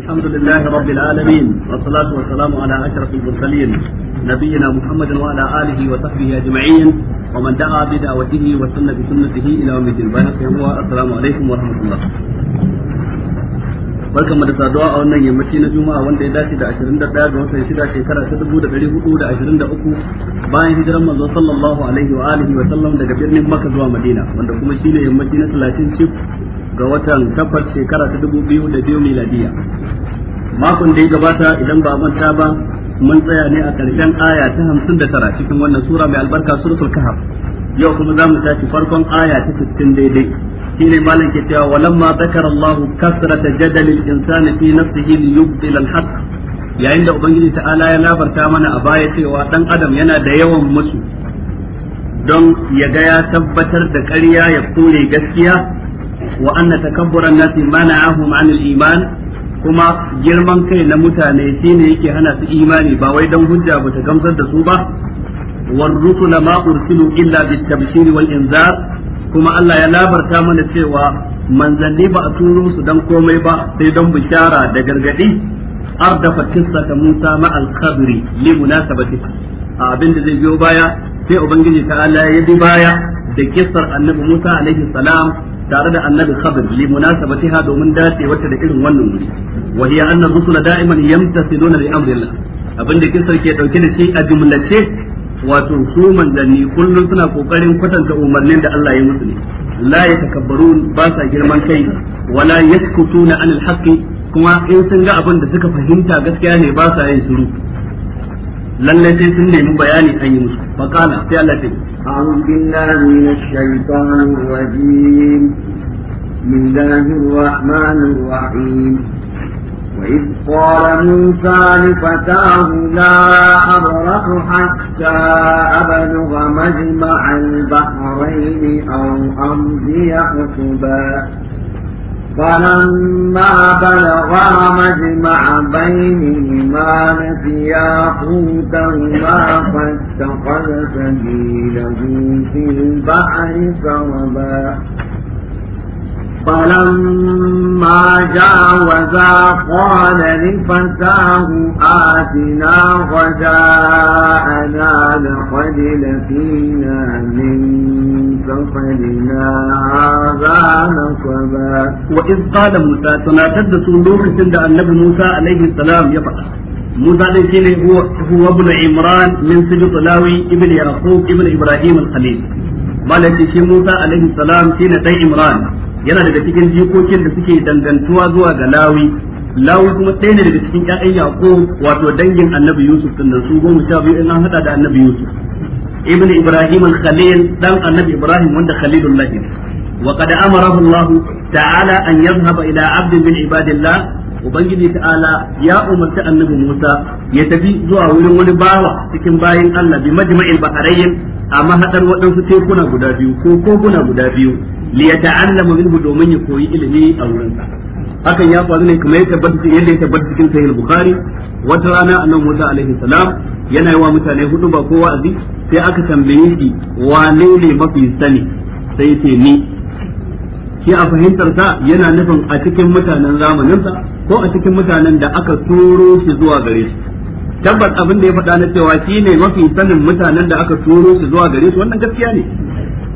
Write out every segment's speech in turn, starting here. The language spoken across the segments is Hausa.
الحمد لله رب العالمين والصلاة والسلام على أشرف المرسلين نبينا محمد وعلى آله وصحبه أجمعين ومن دعا بدعوته وسن بسنته إلى يوم الدين السلام عليكم ورحمة الله barkan mu da saduwa a wannan yammaci na juma'a wanda ya dace da 21 ga watan shida shekara ta 1423 bayan hijiran manzo sallallahu alaihi wa alihi wa sallam daga birnin makka zuwa madina wanda kuma shine yammaci na 30 cif ga watan takwas shekara ta dubu biyu da biyu miladiya makon da ya gabata idan ba manta ba mun tsaya ne a ƙarshen aya ta hamsin da tara cikin wannan sura mai albarka suratul kahf yau kuma za mu tashi farkon aya ta sittin daidai ne malam ke cewa walamma zakara allahu kasrata jadalil insani fi nafsihi liyubdil al yayin da ubangiji ta'ala ya labarta mana a baya cewa dan adam yana da yawan musu don ya ga ya tabbatar da ƙarya ya kore gaskiya wa anna takabburan nasi mana'ahum 'anil iman kuma girman kai na mutane shine yake hana su imani ba wai don hujja ba ta gamsar da su ba war rusula ma ursilu illa bit tabshir wal inzar kuma Allah ya labarta mana cewa manzanni ba a turo su dan komai ba sai don bishara da gargadi ardafa kissa Musa ma al-Khadri li munasabati abinda zai biyo baya sai ubangiji ta Allah ya bi baya da kissar annabi Musa a. tare da annabi khadir li munasabatiha domin dace wata da irin wannan wuri wa hiya anna rusula da'iman yamtasiluna li amrillah da kisar ke dauke da shi a jumlace wato su manzanni kullum suna kokarin kwatanta umarnin da Allah ya musu ne la yatakabbarun ba sa girman kai wala yaskutuna anil haqqi kuma in sun ga abin da suka fahimta gaskiya ne ba sa yin shiru lallai sai sun nemi bayani an yi musu faqala sai Allah أعوذ بالله من الشيطان الرجيم بسم الله الرحمن الرحيم وإذ قال موسى لفتاه لا أبرح حتى أبلغ مجمع البحرين أو أمضي حسبا فلما بلغا مجمع بينهما نسيا حوتهما فاتخذ سبيله في البحر سربا فلما جاوزا قال لفتاه آتنا غداءنا لقد لقينا من سفرنا هذا نصبا وإذ قال موسى تناتد سندوك سند النبي موسى عليه السلام يفعل موسى لكين هو, هو ابن عمران من سجط لاوي ابن يعقوب ابن إبراهيم الخليل ما لكي موسى عليه السلام كين دي عمران yana daga cikin jikokin da suke dangantuwa zuwa ga lawi lawi kuma ɗaya ne daga cikin ƴaƴan yaƙo wato dangin annabi yusuf din su goma sha biyu in an hada da annabi yusuf ibn ibrahim al-khalil dan annabi ibrahim wanda khalilullah ne wa qad amarahu allah ta'ala an yadhhaba ila abdin min ibadillah ubangiji ta'ala ya umarci annabi Musa ya tafi zuwa wurin wani bawa cikin bayin Allah bi majma'il baharayyin a mahadar waɗansu tekuna guda biyu ko koguna guda biyu li yata'allamu minhu domin ya koyi ilimi a wurin sa hakan ya faru ne kuma yadda tabbata yadda ya tabbata cikin sahih al-bukhari wata rana annabi Musa alaihi salam yana yi wa mutane hudu ba kowa wa'azi sai aka tambaye shi wane ne mafi sani sai ya ce ni shi a fahimtar sa yana nufin a cikin mutanen zamanin sa ko a cikin mutanen da aka turo shi zuwa gare shi tabbas abin da ya faɗa na cewa shi ne mafi sanin mutanen da aka turo shi zuwa gare shi wannan gaskiya ne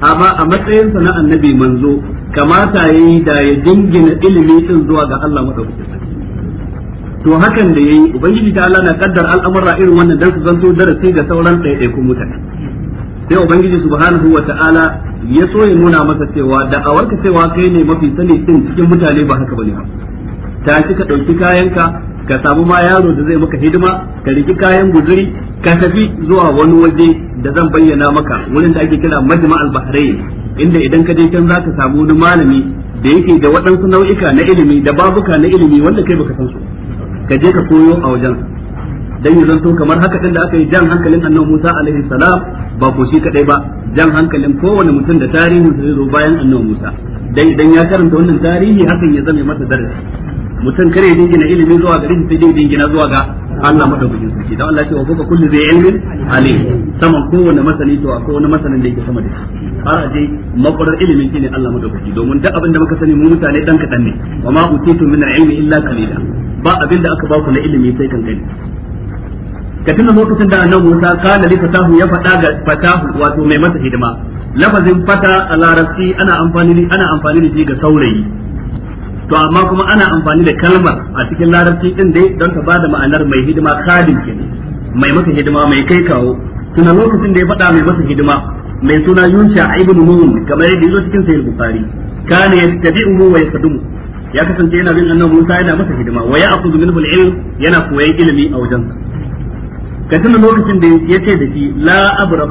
amma a matsayinsa na annabi manzo kamata yayi da ya dingina ilimi din zuwa ga Allah madaukakin to hakan da yayi ubangiji ta Allah na kaddar al'amura irin wannan dan su zanto darasi ga sauran ɗaiɗaikun mutane sai ubangiji subhanahu wata'ala ya so ya nuna masa cewa da awarka cewa kai ne mafi sani din cikin mutane ba haka bane ba ta ka ɗauki kayanka ka samu ma yaro da zai maka hidima ka riki kayan guduri. ka tafi zuwa wani waje da zan bayyana maka wurin da ake kira majma al-bahrain inda idan ka je can zaka samu wani malami da yake da waɗansu nau'ika na ilimi da babuka na ilimi wanda kai baka san su ka je ka koyo a wajen dan yanzu zanto kamar haka din da aka yi jan hankalin annabi Musa alaihi salam ba ko shi kadai ba jan hankalin kowane mutum da tarihin sa zo bayan annabi Musa dan idan ya karanta wannan tarihi hakan ya zame masa darasi mutum kare dingina ilimi zuwa garin sai dingina zuwa ga Allah madaukakin sarki dan Allah ya ce wa kuka kullu zai ilmin alim saman kowane masani to akwai wani masanin da yake sama da shi har aje makwarar ilimin shine Allah madaukaki domin duk abin da muka sani mu mutane dan kadan ne wa ma utitu min al-ilmi illa qalila ba abin da aka ba ku na ilimi sai kan gani ka tuna lokacin da annabi Musa kana li fatahu ya fada ga fatahu wato mai masa hidima lafazin fata a larabci ana amfani ana amfani da shi ga saurayi to amma kuma ana amfani da kalmar a cikin larabci din dai don ta bada ma'anar mai hidima khadim ke. mai masa hidima mai kai kawo tuna lokacin da ya faɗa mai masa hidima mai suna Yunsa ibn mun kamar yadda yazo cikin sayyid Bukhari kana yattabi'uhu wa yasdumu ya kasance yana bin annabi Musa yana masa hidima wa ya'khudhu minhu al-ilm yana koyan ilimi a wajensa ka tunan lokacin da yace da shi la abra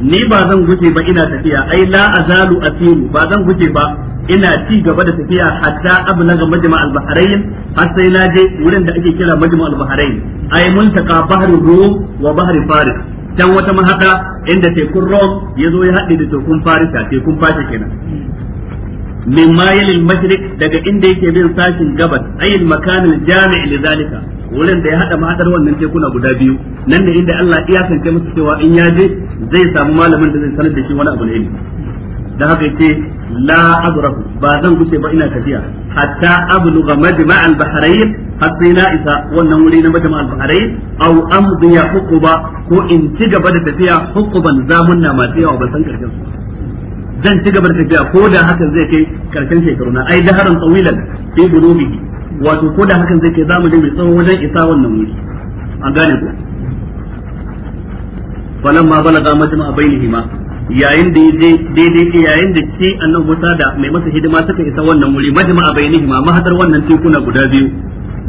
ni ba zan guje ba ina tafiya ai la azalu asiru ba zan guje ba ina ci gaba da tafiya hatta ablaga majma' al-bahrain har sai na je wurin da ake kira majma' al-bahrain ai muntaka bahri rum wa bahri faris can wata mahaka inda tekun rom ya zo ya haɗe da tekun farisa tekun fasha kenan min mayil mashriq daga inda yake bin sashin gabas ayil makamin jami' li zalika wurin da ya hada mahadar wannan tekuna guda biyu nan ne inda Allah ya kanke musu cewa in ya je zai samu malamin da zai sanar da shi wani abu na da haka yace la ba zan kuce ba ina tafiya hatta abluga majma' al bahrayn hatta ila isa wannan wuri na majma' al bahrayn aw ya hukuba ko in ci gaba da tafiya hukuban zamunna masu yawa ba san karshen su zan ci gaba da tafiya ko da hakan zai kai karshen shekaru na ai daharan tsawilan fi gudubihi wato ko da hakan zai kai zamu mai tsawon wajen isa wannan wuri an gane ko majma a majma'a bainihima yayin da daidai yayin da ke annabi Musa da mai masa hidima suka isa wannan wuri majma'a bainihima mahadar wannan tekuna guda biyu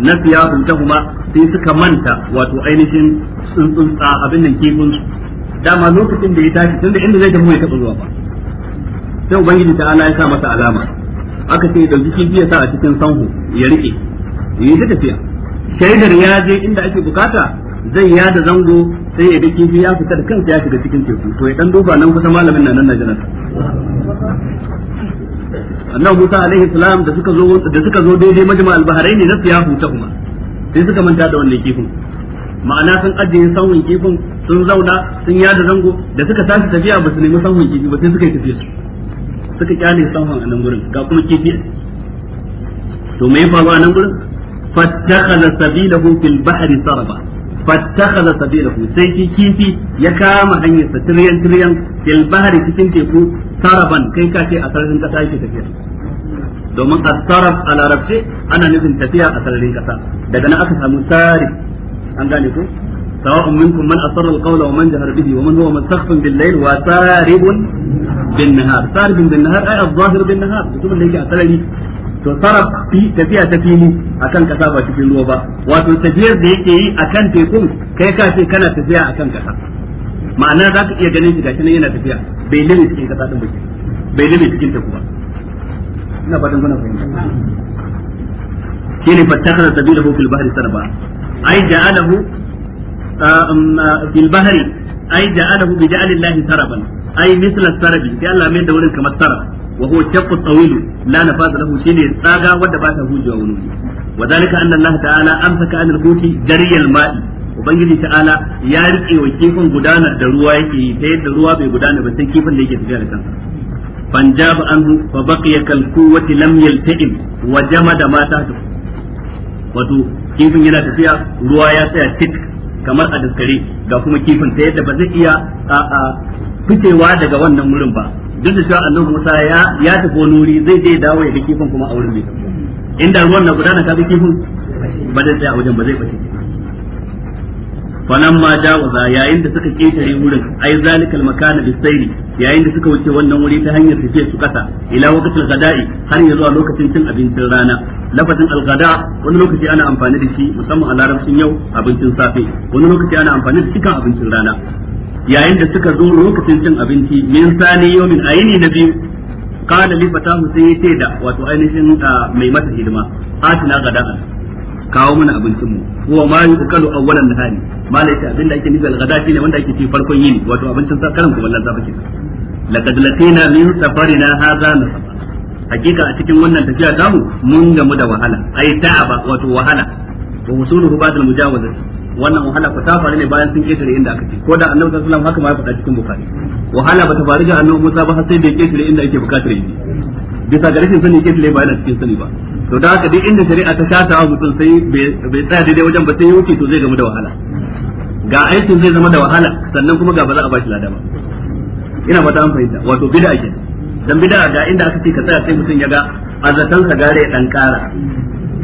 na siyahun tahuma sai suka manta wato ainihin tsuntsun abin nan kifin dama lokacin da ya tashi tunda inda zai tafi bai taɓa zuwa ba sai ubangiji ta ala ya sa masa alama aka ce da jikin biya sa a cikin sanhu ya rike yi ta tafiya shaidar ya je inda ake bukata zai ya da zango sai ya ga kifi ya fita da kansa ya shiga cikin teku to ya dan duba nan kusa malamin nan na janar annabi Musa alaihi salam da suka zo da suka zo daidai majma al-bahrain na ya huta kuma sai suka manta da wannan kifin ma'ana sun ajiye sanhun kifin sun zauna sun da zango da suka tashi tafiya ba su nemi sanhun kifi ba sai suka yi tafiya suka kyale sahun a nan gurin ga kuma kifi to me ya nan gurin sabilahu fil bahri sabilahu sai ki kifi ya kama hanyar sa tiryan tiryan fil bahri cikin teku saraban kai ka ce a sararin kasa yake tafiya domin a larabce ana nufin tafiya a sararin kasa daga nan aka samu sarif an gane ko سواء منكم من أسر القول ومن جهر به ومن هو مستخف بالليل وسارب بالنهار سارب بالنهار أي الظاهر بالنهار كتب اللي يجي أسلني to sarraf fi tafiya ta fili akan kasa ba cikin ruwa ba wato tafiyar da yake yi akan tekun kai ka ce kana kasa ma'ana za ka iya ganin shi gashi nan yana tafiya bai lime cikin kasa din ba bai lime fil bahri ai ja'alahu ai misla sarabi sai Allah da wurin kamar sarab wa huwa shaqq tawil la nafasa hujewa wani wa zalika anna Allah ma'i ubangiji ta'ala ya rike wa kifin gudanar da ruwa yake ruwa bai gudana ba sai kifin da kifin yana tafiya ruwa ya tsaya tik kamar a daskare ga kuma kifin ta yadda ba zai iya fitewa daga wannan wurin ba duk da cewa annabi Musa ya ya tafi wani wuri zai je dawo ya ga kifin kuma a wurin ne inda ruwan na gudana ka bi kifin ba zai tsaya a wajen ba zai bace ma jawaza yayin da suka ƙetare wurin ai zalikal makana bisayri yayin da suka wuce wannan wuri ta hanyar tafiya su kasa ila waqtil gada'i har ya zuwa lokacin cin abincin rana lafazin gada wani lokaci ana amfani da shi musamman a larabcin yau abincin safe wani lokaci ana amfani da shi kan abincin rana yayin da suka zo lokacin cin abinci min sani yawmin ayini na biyu qala li fatahu sai yace da wato ainihin ah, mai mata hidima atina gada'an kawo mana abincin mu huwa ma yuqalu awwalan nahari malai ta abinda ake nufi al-ghada shine wanda ake ci farkon yini wato abincin sa karin kumallan safa kenan laqad latina min safarina hadha nasaba hakika a cikin wannan tafiya tamu mun gamu da wahala ai ta'aba wato wahala wa musulu ba'da mujawaza wannan wahala ku ta faru ne bayan sun kesare inda aka ce ko da annabi sallallahu alaihi wasallam haka ma ya faɗa cikin bukari wahala ba ta faru ga annabi Musa ba sai da kesare inda ake bukatar yi bisa ga rashin sani kifle ba yana cikin sani ba to da haka duk inda shari'a ta shata wa mutum sai bai tsaya daidai wajen ba sai ya wuce to zai gamu da wahala ga aikin zai zama da wahala sannan kuma ga ba za a bashi lada ba ina fata an fahimta wato bid'a ke dan bid'a ga inda aka ce ka tsaya sai mutum ya ga azatan sa gare dan kara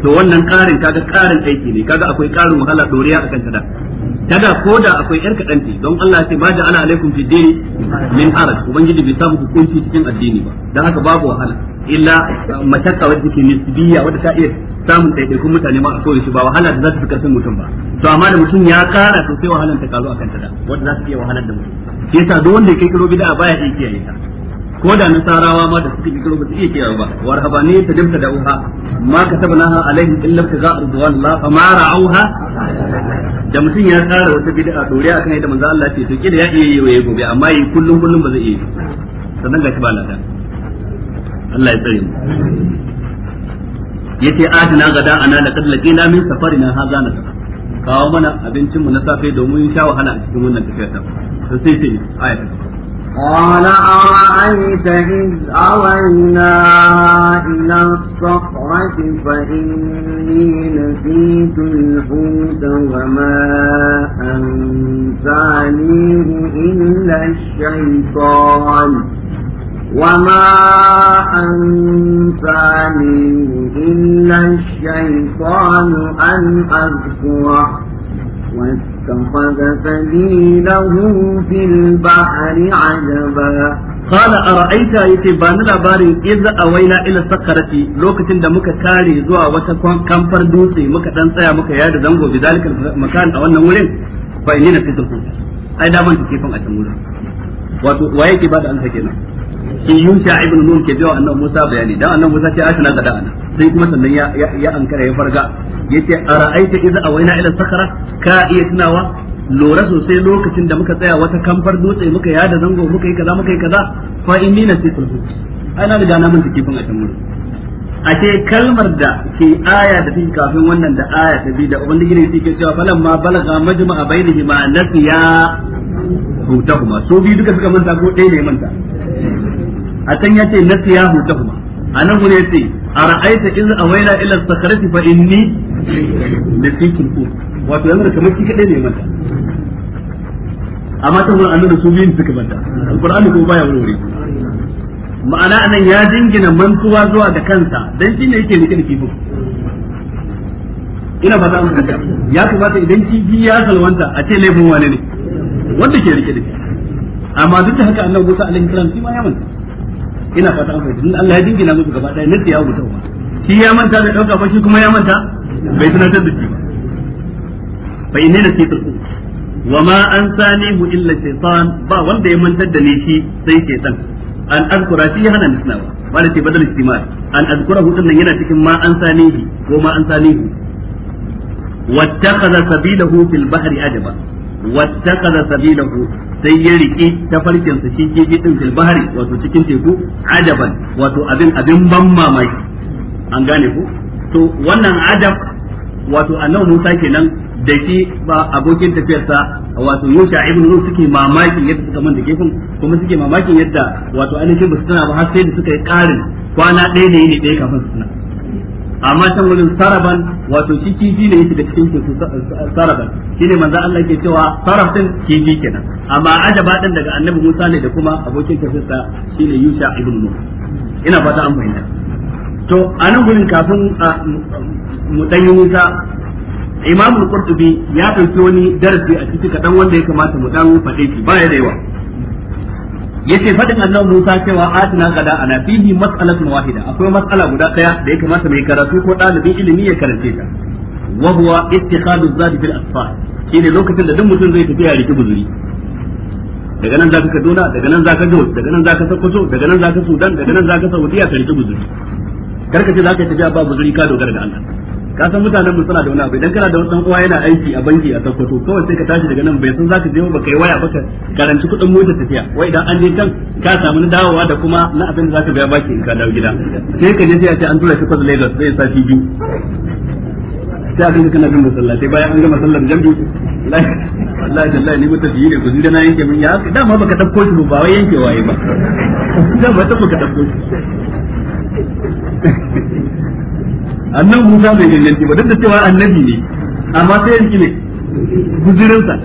to wannan karin kaga karin aiki ne kaga akwai karin wahala doriya akan ta da kada ko da akwai yar kaɗan ce don Allah ce ba da ana alaikum fi dini min haraj ubangiji bai samu hukunci cikin addini ba dan haka babu wahala illa matakka wadda take nisbiya wadda ta iya samun ɗaiɗaikun mutane ma a koyi shi ba wahala da za ta fi karfin mutum ba to amma da mutum ya kara to sai wahalan ta kalu akan ta da wadda za ta iya wahalar da mutum shi yasa duk wanda ya kirkiro bid'a baya iya kiyaye ta ko da nasarawa ma da suka kikiro ba su iya kiyaye ba wa rahabani ta dimta da uha ma katabnaha alaihim illa tiga la fa ma ra'uha da mutum ya tsara wata bid'a dore akan yadda manzo Allah ce to kida ya iya yi waye gobe amma yi kullun kullun ba zai iya sannan gashi ba lada Allah ya tsare mu yace adina gada ana da na min na haza na kawo mana abincin mu na safe domin sha wahala a cikin wannan tafiyar ta sai sai ayata قال أرأيت إذ أوينا إلى الصخرة فإني نسيت الحوت وما أنسانيه إلا الشيطان وما أنسانيه إلا الشيطان أن أذكره Wai sa kwangasan biyar na a ra'aita ya ce ba ni labarin iza a waina ina saƙarati lokacin da muka tare zuwa wata kwamfar dutse muka ɗan tsaya muka yaɗa zango bai da hali a wannan wurin. Ba in na fito ko ta, ayi da manta kefan a can Waye ke ba da hankaliya na? in yunta ibn nun ke jawa annabi Musa bayani dan annabi Musa ce na gada ana sai kuma sannan ya ya ankara ya farga yace ara'aita idza awaina ila sakhara ka iya tunawa lura sosai lokacin da muka tsaya wata kamfar dutse muka ya da zango muka yi kaza muka yi kaza fa inni nasitul hut ana riga na mun kifin a can a ce kalmar da ke aya da take kafin wannan da aya ta bi da ubangiji ne yake cewa falan ma balaga majma'a bainihima nasiya hutahuma so bi duka suka manta ko ɗaya ne manta a can yace nasiyahu tahuma anan gure yace in a awaina ila sakarati fa inni lafikul ku wato yanzu kamar ki kadai ne mata amma ta gurin da su biyun suka mata alqur'ani ko baya wuri ma'ana anan ya dingina mantuwa zuwa da kansa dan shi ne yake nake da kifin ina ba an mu ya kamata idan kifi ya salwanta a ce laifin wane ne wanda ke rike da amma duk da haka annabi Musa alaihi salam shi ma ya manta ina fata an fahimta Allah ya dingina musu gaba ɗaya nasi ya wuce ba shi ya manta da ɗauka ba shi kuma ya manta bai tunatar da shi ba fa inna nasitul wa ma ansanihu illa shaytan ba wanda ya mantar da ni shi sai shaytan an azkura shi hana Ba wala ce badal istimar an azkura hudun nan yana cikin ma ansanihi ko ma ansanihi wattakhadha sabilahu fil bahri ajaba wattakaza sabilahu sai ya riki tafarkin sa shi kifi din filbahari wato cikin teku adaban wato abin abin ban mamaki an gane ku to wannan adab wato annabi Musa kenan da shi ba abokin tafiyarsa wato Yusha ibn Nun suke mamakin yadda suka man da kun kuma suke mamakin yadda wato ainihin ba su tana ba har sai da suka yi karin kwana ɗaya ne ne ɗaya kafin su tana amma can wurin saraban wato shi kifi ne yake da cikin su saraban shi ne manzan Allah ke cewa saraf din kifi kenan amma ajaba din daga annabi Musa ne da kuma abokin tafsirsa shine Yusha ibn Nun ina fata an fahimta to anan gurin kafin mu danyi Musa Imam Qurtubi ya tafi wani darasi a cikin kadan wanda ya kamata mu dan faɗe shi ba ya da yawa yace fadin annabi Musa cewa atina qada ana fihi mas'alatun wahida akwai mas'ala guda daya da ya kamata mai karatu ko dalibin ilimi ya karance ta wa huwa ittikhadu zadi fil asfar shine lokacin da duk mutum zai tafi ya riki buzuri daga nan zaka Kaduna daga nan zaka Jos daga nan zaka Sokoto daga nan zaka Sudan daga nan zaka Saudiya ka riki buzuri karka ce zaka tafi ba buzuri ka dogara ga Allah ka san mutanen mu suna da wani abu idan kana da wani uwa yana aiki a banki a sakkwato kawai sai ka tashi daga nan bai san zaka je ba kai waya ba ka karanci kuɗin mota tafiya wai idan an je can ka samu na dawowa da kuma na abin da zaka biya baki in ka dawo gida sai ka je sai a ce an tura shi kwas Lagos zai fi biyu sai a kanka kana bin masallatai bayan an gama sallar jambi wallahi wallahi ni mutum ne ku zinda na yanke min ya dama baka dauko shi ba wai yanke waye ba dama ta ka dauko shi annan Musa bai ganganci ba duk da cewa annabi ne amma sai yanki ne guzurinsa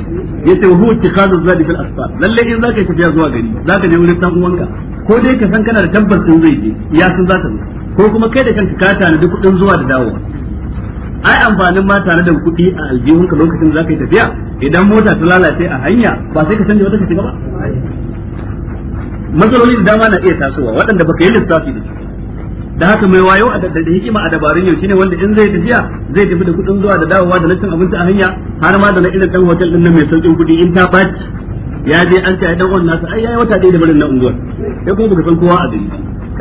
ya wa huwa ittikhadhu zadi fil asfar lalle in zaka tafiya zuwa gari zaka je wurin dan uwanka ko dai ka san kana da tabbas sun zai je ya sun zaka zo ko kuma kai da kanka ka tana da kudin zuwa da dawo. ai amfanin ma tare da kuɗi a aljihunka lokacin zaka tafiya idan mota ta lalace a hanya ba sai ka canja wata ka shiga ba matsaloli da dama na iya tasowa waɗanda baka yi lissafi da su da haka mai wayo a daddare hikima a dabarun yau shine wanda in zai tafiya zai tafi da kudin zuwa da dawowa da lacin abinci a hanya har ma da na irin dan hotel din nan mai saukin kudi in ta baci ya je an ta dan wannan sa ai yayi wata ɗaya da barin na unguwar sai kuma baka san kowa a gari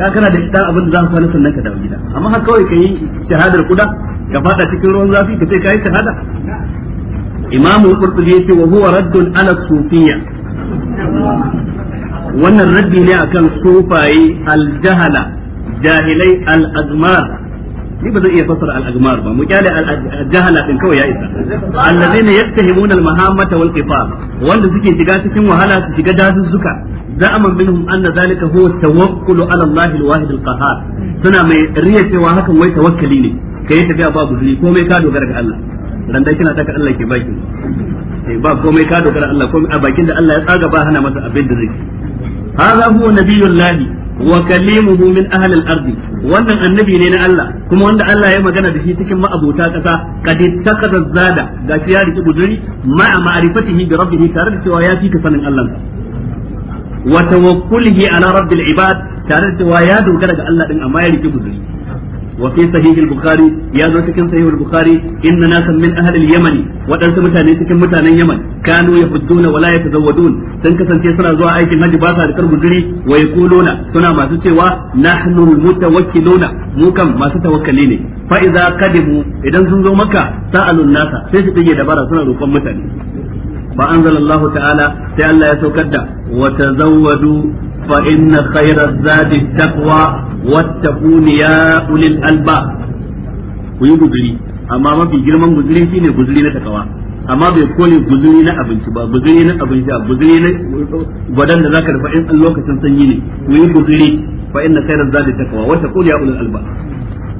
ka kana da ita abin da za ka kwana sannan ka dawo gida amma har kawai kai shahadar kuda ka fada cikin ruwan zafi ka sai kai shahada imamu qurtubi yace wa huwa raddun ala sufiyya wannan raddi ne akan sufaye aljahala jahilai al ni ba zai iya fassara al ba mu kyale jahala din kawai ya isa allazina yaktahimuna al-mahammata wal qifar wanda suke shiga cikin wahala su shiga dazuzzuka za'aman minhum anna zalika huwa tawakkulu ala Allah al-wahid al-qahhar suna mai riya cewa hakan wai tawakkali ne kai tafiya ba guzuri komai ka dogara ga Allah dan dai kina taka Allah ke baki eh, ba komai ka dogara Allah komai a bakin da Allah ya tsaga ba hana masa abin da zai hada huwa nabiyullahi wa kallimuhu min ahli al-ard wannan annabi ne na Allah kuma wanda Allah ya magana da shi cikin ma'abota kasa kad takada zada ga shi ya riki guduri ma ma'rifatihi bi rabbih tare da cewa ya fika sanin Allah wa tawakkulihi ala rabbil ibad tare da cewa ya dogara ga Allah din amma ya riki guduri wa fi bukhari ya zo cikin sahih al-bukhari inna nasan min ahli al-yaman cikin mutanen yaman kanu yahudduna wa sun kasance suna zuwa aikin haji ba sa wa yaquluna suna masu cewa nahnu mutawakkiluna masu tawakkali ne fa idza idan sun zo maka nasa sai su dabara suna mutane anzalallahu ta'ala sai Allah ya saukar da فإن خير الزاد التقوى واتقون يا أولي الألباب ويقول لي أما ما في جرم قدرين فينا قدرين تقوى amma bai kone guzuri na abinci ba guzuri na abinci guzuri na gwadan da zaka rufa an lokacin sanyi ne ku yi guzuri fa inna khayra zadi taqwa wa taqul ya ulul alba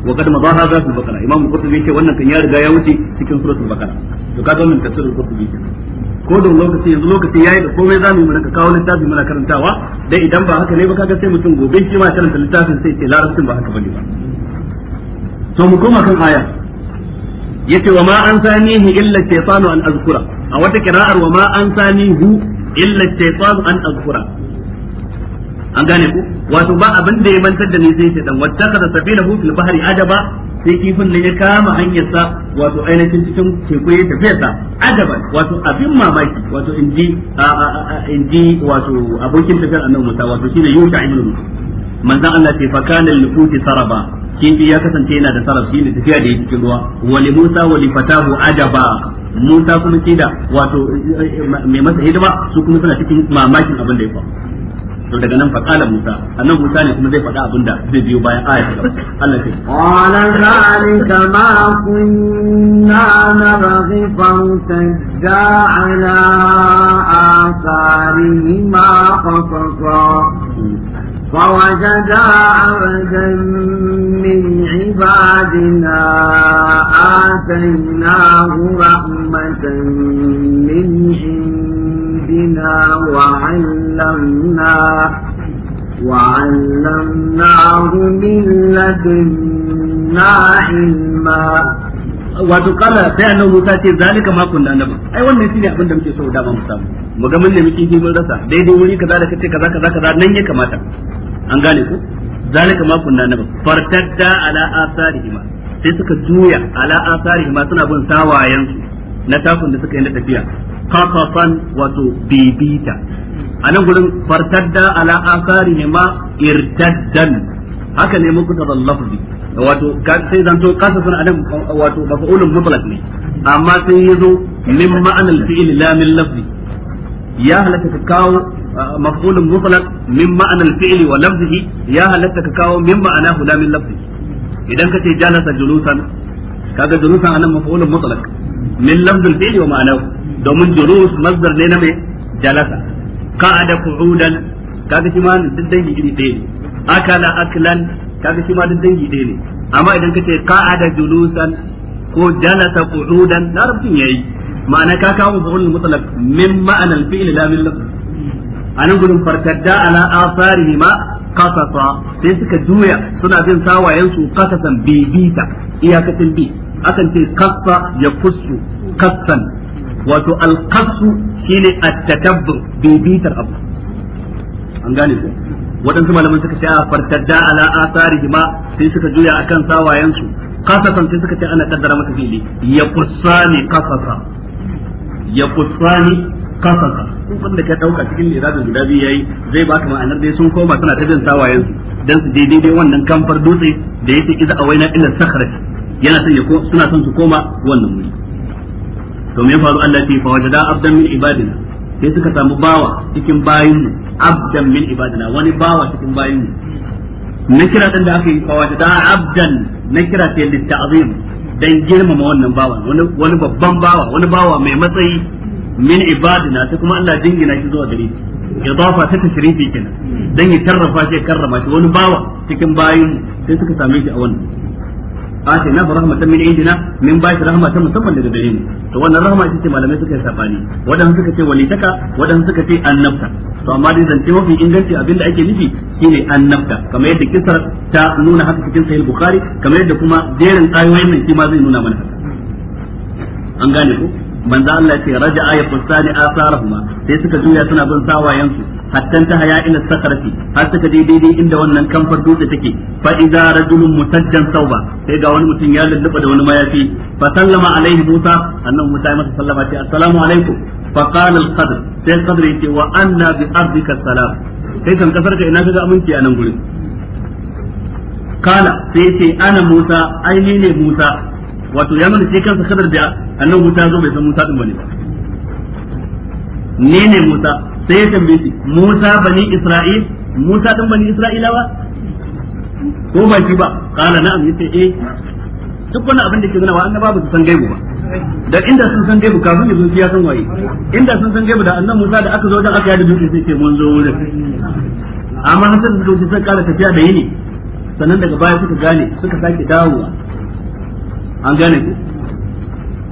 wa qad madha hadha fil baqara imam qurtubi ce wannan kan ya riga wuce cikin ko da lokaci yanzu lokaci yayi da komai zamu mu rika kawo littafi muna karantawa dai idan ba haka ne ba kaga sai mutum gobe shi ma karanta littafin sai ce larabcin ba haka bane ba to mu koma kan aya yace wa ma an sanihi illa shaytanu an azkura a wata kira'ar wa ma an sanihu illa shaytanu an azkura an gane ku wato ba abin da ya mantar da ni sai shaytan wattaka da sabilahu fil bahri adaba sai kifin nan ya kama hanyarsa wato ainihin cikin teku ya tafiya sa ajaban wato abin mamaki wato inji inji wato abokin tafiyar annabi Musa wato shine Yusha ibn Musa manzon Allah ce fa kana lufuti saraba kifi ya kasance yana da sarab shine tafiya da yake cikin ruwa wali Musa wali fatahu ajaba Musa kuma kida wato eh, eh, eh, mai masa hidima su kuma suna cikin mamakin abin da ya faru to daga nan faqala Musa annan Musa ne kuma zai faɗa da zai biyo bayan aya ta gaba Allah ce qala zalika ma kunna nabghi fantajja ala asarihima qasasa فوجدا عبدا من عبادنا آتيناه رحمة من بنا وعلمنا وعلمناه من لدنا علما wato kala sai annabi Musa ce zalika ma kun da annabi ai wannan shine abin da muke so da ba mu samu mu ga mun muke yi mun rasa daidai wuri kaza da kace kaza kaza kaza nan ya kamata an gane ku zalika ma kun da annabi fartadda ala asarihima sai suka juya ala asarihima suna bin tawayen su na takun da suka yi na tafiya kafafan wato bibita a nan gurin fartadda ala asari ne ma irtaddan haka ne muku da lafzi wato sai zanto kasasun adam wato mafa'ulun mutlaq ne amma sai yazo min ma'anal fi'il la min lafzi ya halatta ka kawo maf'ulun mutlaq min ma'anal fi'li wa lafzihi ya halatta ka kawo min ma'anahu la min lafzihi idan ka ce jalasa julusan kaga julusan anan maf'ulun mutlaq min lafzul fi'li wa ma'anahu domin julus masdar ne na mai jalasa qa'ada qu'udan kaga shi ma din dangi iri ɗaya ne akala aklan kaga shi ma duk dangi ɗaya ne amma idan kace qa'ada julusan ko jalasa qu'udan larabcin yayi ma'ana ka kawo fi'il mutlaq min ma'anal fi'li la min lafz anan gurin fartadda ala asarihi ma qasasa sai suka juya suna bin sawayen su qasasan bibita iyakatin bi akan ce kassa ya kusu kassan wato alkassu shine at-tatabbur bibitar abu an gane ko waɗansu malaman suka ce a ah, fartadda ala asari ma sai suka juya a kan sawayensu kasasan sai suka ce ana kaddara masa fili ya kusani kasasa ya kusani kasasa kun da ka ɗauka cikin liradin guda biyu yayi zai baka ma'anar dai sun koma suna ta jin sawayensu dan su daidai wannan kamfar dutse da yake iza waina ila sakhrati yana son ya suna son su koma wannan wuri to me ya faru Allah ya fa wajada abdan min ibadina sai suka samu bawa cikin bayinmu abdan min ibadina wani bawa cikin bayinmu na kira dan da aka yi fa wajada abdan na kira ce litta'zim dan girmama wannan bawa wani wani babban bawa wani bawa mai matsayi min ibadina sai kuma Allah dingina shi zuwa gare shi idafa ta tashrifi kenan dan ya tarrafa shi karrama shi wani bawa cikin bayin sai suka same shi a wannan na rahama ta min indina min ba shi rahama ta musamman daga gare mu to wannan rahma ita ce malamai suka yi sabani wadanda suka ce walitaka wadanda suka ce annabta to amma dai zance mafi inganci abin da ake nufi shine annabta kamar yadda kisar ta nuna haka cikin sahih bukhari kamar yadda kuma jerin ayoyin nan shi ma zai nuna mana haka an gane ko manzo Allah ya ce raja'a ya asarahuma sai suka juya suna bin sawayen su Hattan ta haya ila sakarati har suka je daidai inda wannan kamfar dutse take fa idza rajulun mutajjan sauba sai ga wani mutum ya lulluba da wani mayafi fa sallama alaihi Musa annan Musa ya masa sallama ce assalamu alaikum fa qala al-qadr sai qadr yace wa anna bi ardika salam kai kan kasar ka ina kaga aminci a nan gurin kala sai yace ana Musa ai ni ne Musa wato ya nuna sai kansa kadar da annan Musa zo bai san Musa din bane ba ne ne Musa sai ya tambaye shi Musa bani Isra'il Musa dan bani Isra'ilawa ko ba shi ba kana na'am yace eh duk wani abin da ke nuna wa annaba ba su san gaibu ba da inda sun san gaibu kafin yanzu ya san waye inda sun san gaibu da annan Musa da aka zo wajen aka yada dutse sai ce mun zo wurin amma har sai suka sun kara tafiya da yini sannan daga baya suka gane suka sake dawowa an gane ku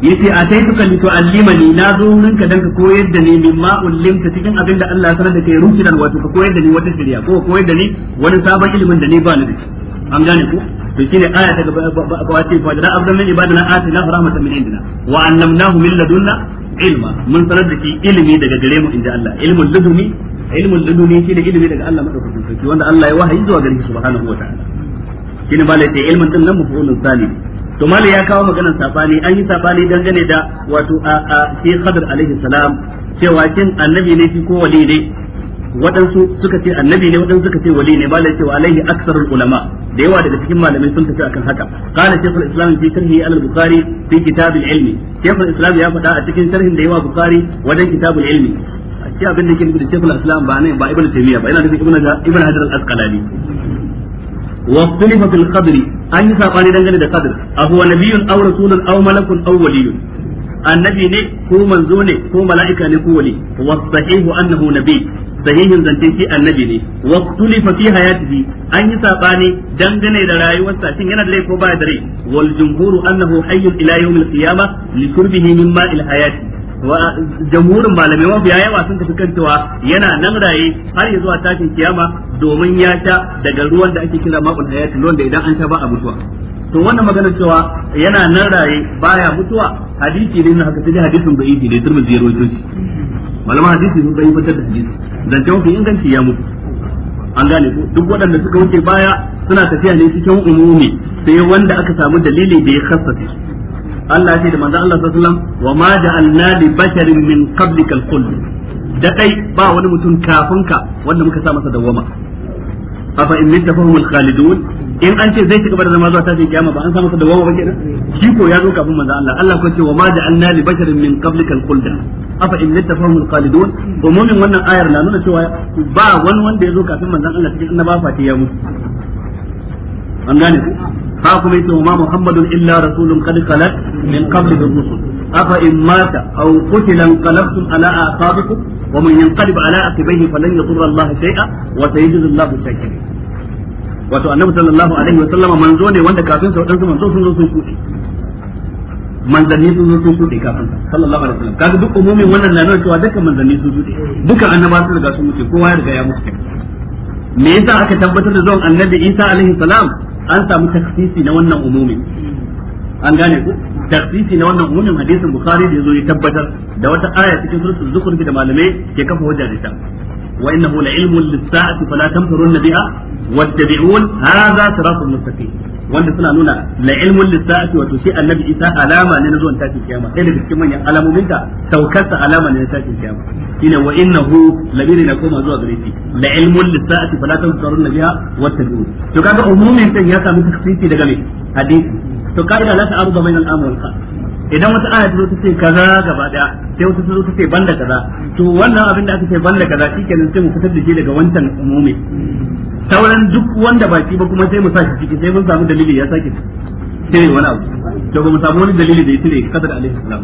yace a sai tuka lito allimani na zo wurin ka dan ka koyar da ni min ma ullimta cikin abin da Allah sanar da kai rukidan wato ka koyar da ni wata shari'a ko koyar da ni wani sabon ilimin da ni ba ni da shi an gane ko to shine aya ta gaba ba wace fa da abdan min ibadana atina rahmatan min indina wa annamnahu min ladunna ilma mun sanar da shi ilimi daga gare mu inda Allah ilmul laduni ilmul laduni shine ilimi daga Allah madaukakin sarki wanda Allah ya wahayi zuwa gare shi subhanahu wataala shine malai sai ilmin din nan mafulun salim to mali ya kawo maganar sabani an yi sabani dangane da wato a a shi Khadir alaihi salam cewa kin annabi ne shi ko wali ne waɗansu suka ce annabi ne waɗansu suka ce wali ne malai cewa alaihi aksarul ulama da yawa daga cikin malamai sun tafi akan haka qala shaykhul islam fi sharhi al bukhari fi kitab al ilmi shaykhul islam ya faɗa a cikin sharhin da yawa bukhari wajen kitab al ilmi a cikin abin da yake nufi da shaykhul islam ba ne ba ibnu taymiya ba yana nufin ibnu ibnu hajar al asqalani واختلف في القدر أن يسابني دنجل القدر أهو نبي أو رسول أو ملك أو ولي annabi ne ko manzo ne ko mala'ika ne ko wali wa sahihu annahu nabi sahihin zance shi annabi ne wa tulifa fi hayatihi an yi sabani dangane da rayuwarsa shin yana da rai ko baya da rai wal jumhuru annahu hayyun ila yawmil qiyamah li shurbihi min ma'il hayati jamhurin malamai mafiya yawa sun tafi kan cewa yana nan raye har ya zuwa tashin kiyama domin ya sha daga ruwan da ake kira hayati ruwan da idan an sha ba a mutuwa to wannan magana cewa yana nan raye baya mutuwa hadisi ne na haka sai hadisin da yake da turmi zero to shi malama hadisi sun bayyana da hadisi dan ta mafi inganci ya mutu an gane ko duk waɗanda suka wuce baya suna tafiya ne cikin umumi sai wanda aka samu dalili da ya khassasa Allah ya ce da manzon Allah sallallahu alaihi wasallam wa ma ja'alna li basharin min qablika al da kai ba wani mutum kafin ka wanda muka sa masa dawama afa in al-khalidun in an ce zai ci gaba da zama zuwa tashin kiyama ba an sa masa dawama ba kenan shi ko ya zo kafin manzon Allah Allah ko ce wa ma ja'alna li basharin min qablika al afa in al-khalidun umumin wannan ayar na nuna cewa ba wani wanda ya zo kafin manzon Allah cikin an gane ku ha kuma yace ma muhammadun illa rasulun qad khalat min qabli rusul afa in mata aw qutila qalabtum ala aqabikum wa man yanqalib ala a aqibihi falan yadurra Allah shay'a wa ta sayajidu Allahu shakirin wato annabi sallallahu alaihi wa sallama manzo ne wanda kafin sa wadansu manzo sun zo sun shuɗe manzanni sun zo sun shuɗe kafin sa sallallahu alaihi wa sallam kaga duk umumin wannan na nuna cewa dukkan manzanni sun shuɗe dukkan annabawa sun riga sun mutu kowa ya riga ya mutu me yasa aka tabbatar da zuwan annabi Isa alaihi salam an samu taksisi na wannan umumin an gane ku taksisi na wannan umumin hadisin bukhari da yazo ya tabbatar da wata aya cikin suratul zukhruf da malamai ke kafa hujja da ita wa innahu la ilmun lis-sa'ati fala tamtarun biha wattabi'un wanda suna nuna la ilmun lis wato shi annabi Isa alama ne na zuwan tashin kiyama daga cikin manyan alamomin ta saukarsa alama ne na tashin kiyama shine wa innahu labiri na koma zuwa gare shi la ilmun lis fala tamtarun biha wattabi'un to kaga umumin sai ya samu tafsiri daga me hadisi to ka'ida la ta'arudu bainal amr wal idan wata aya ta zo ta ce kaza gaba daya sai wata ta zo ta ce banda kaza to wannan abin da aka ce banda kaza shikenan sai mu fitar da shi daga wancan umumi sauran duk wanda ba shi ba kuma sai mu saki ciki sai mun samu dalili ya sake sai wani abu to ba mu samu wani dalili da ya cire kadar alaihi salam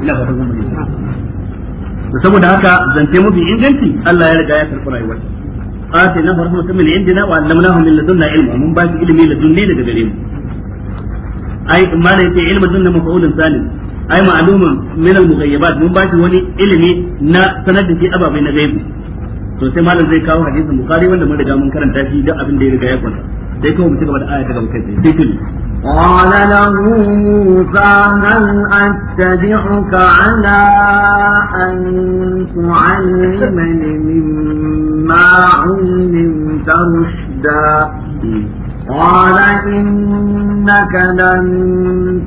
ina ba ta gumma saboda haka zance bi inganci Allah ya riga ya karɓi rayuwar آتيناه wa min عندنا وعلمناه من ba shi ilimi ladunni daga gare mu ai ma da yake ilmu dunna mafa'ulun salim ai ma'lumun min al-mughayyabat mun ba shi wani ilimi na sanar da shi ababai na gaibi to sai malam zai kawo hadisin bukhari wanda mun riga mun karanta shi duk abin da ya riga ya kwanta sai kuma mutum da aya ta gaba kai sai tuni قال له موسى هل أتبعك على أن تعلمني مما علمت رشدا قال إنك لن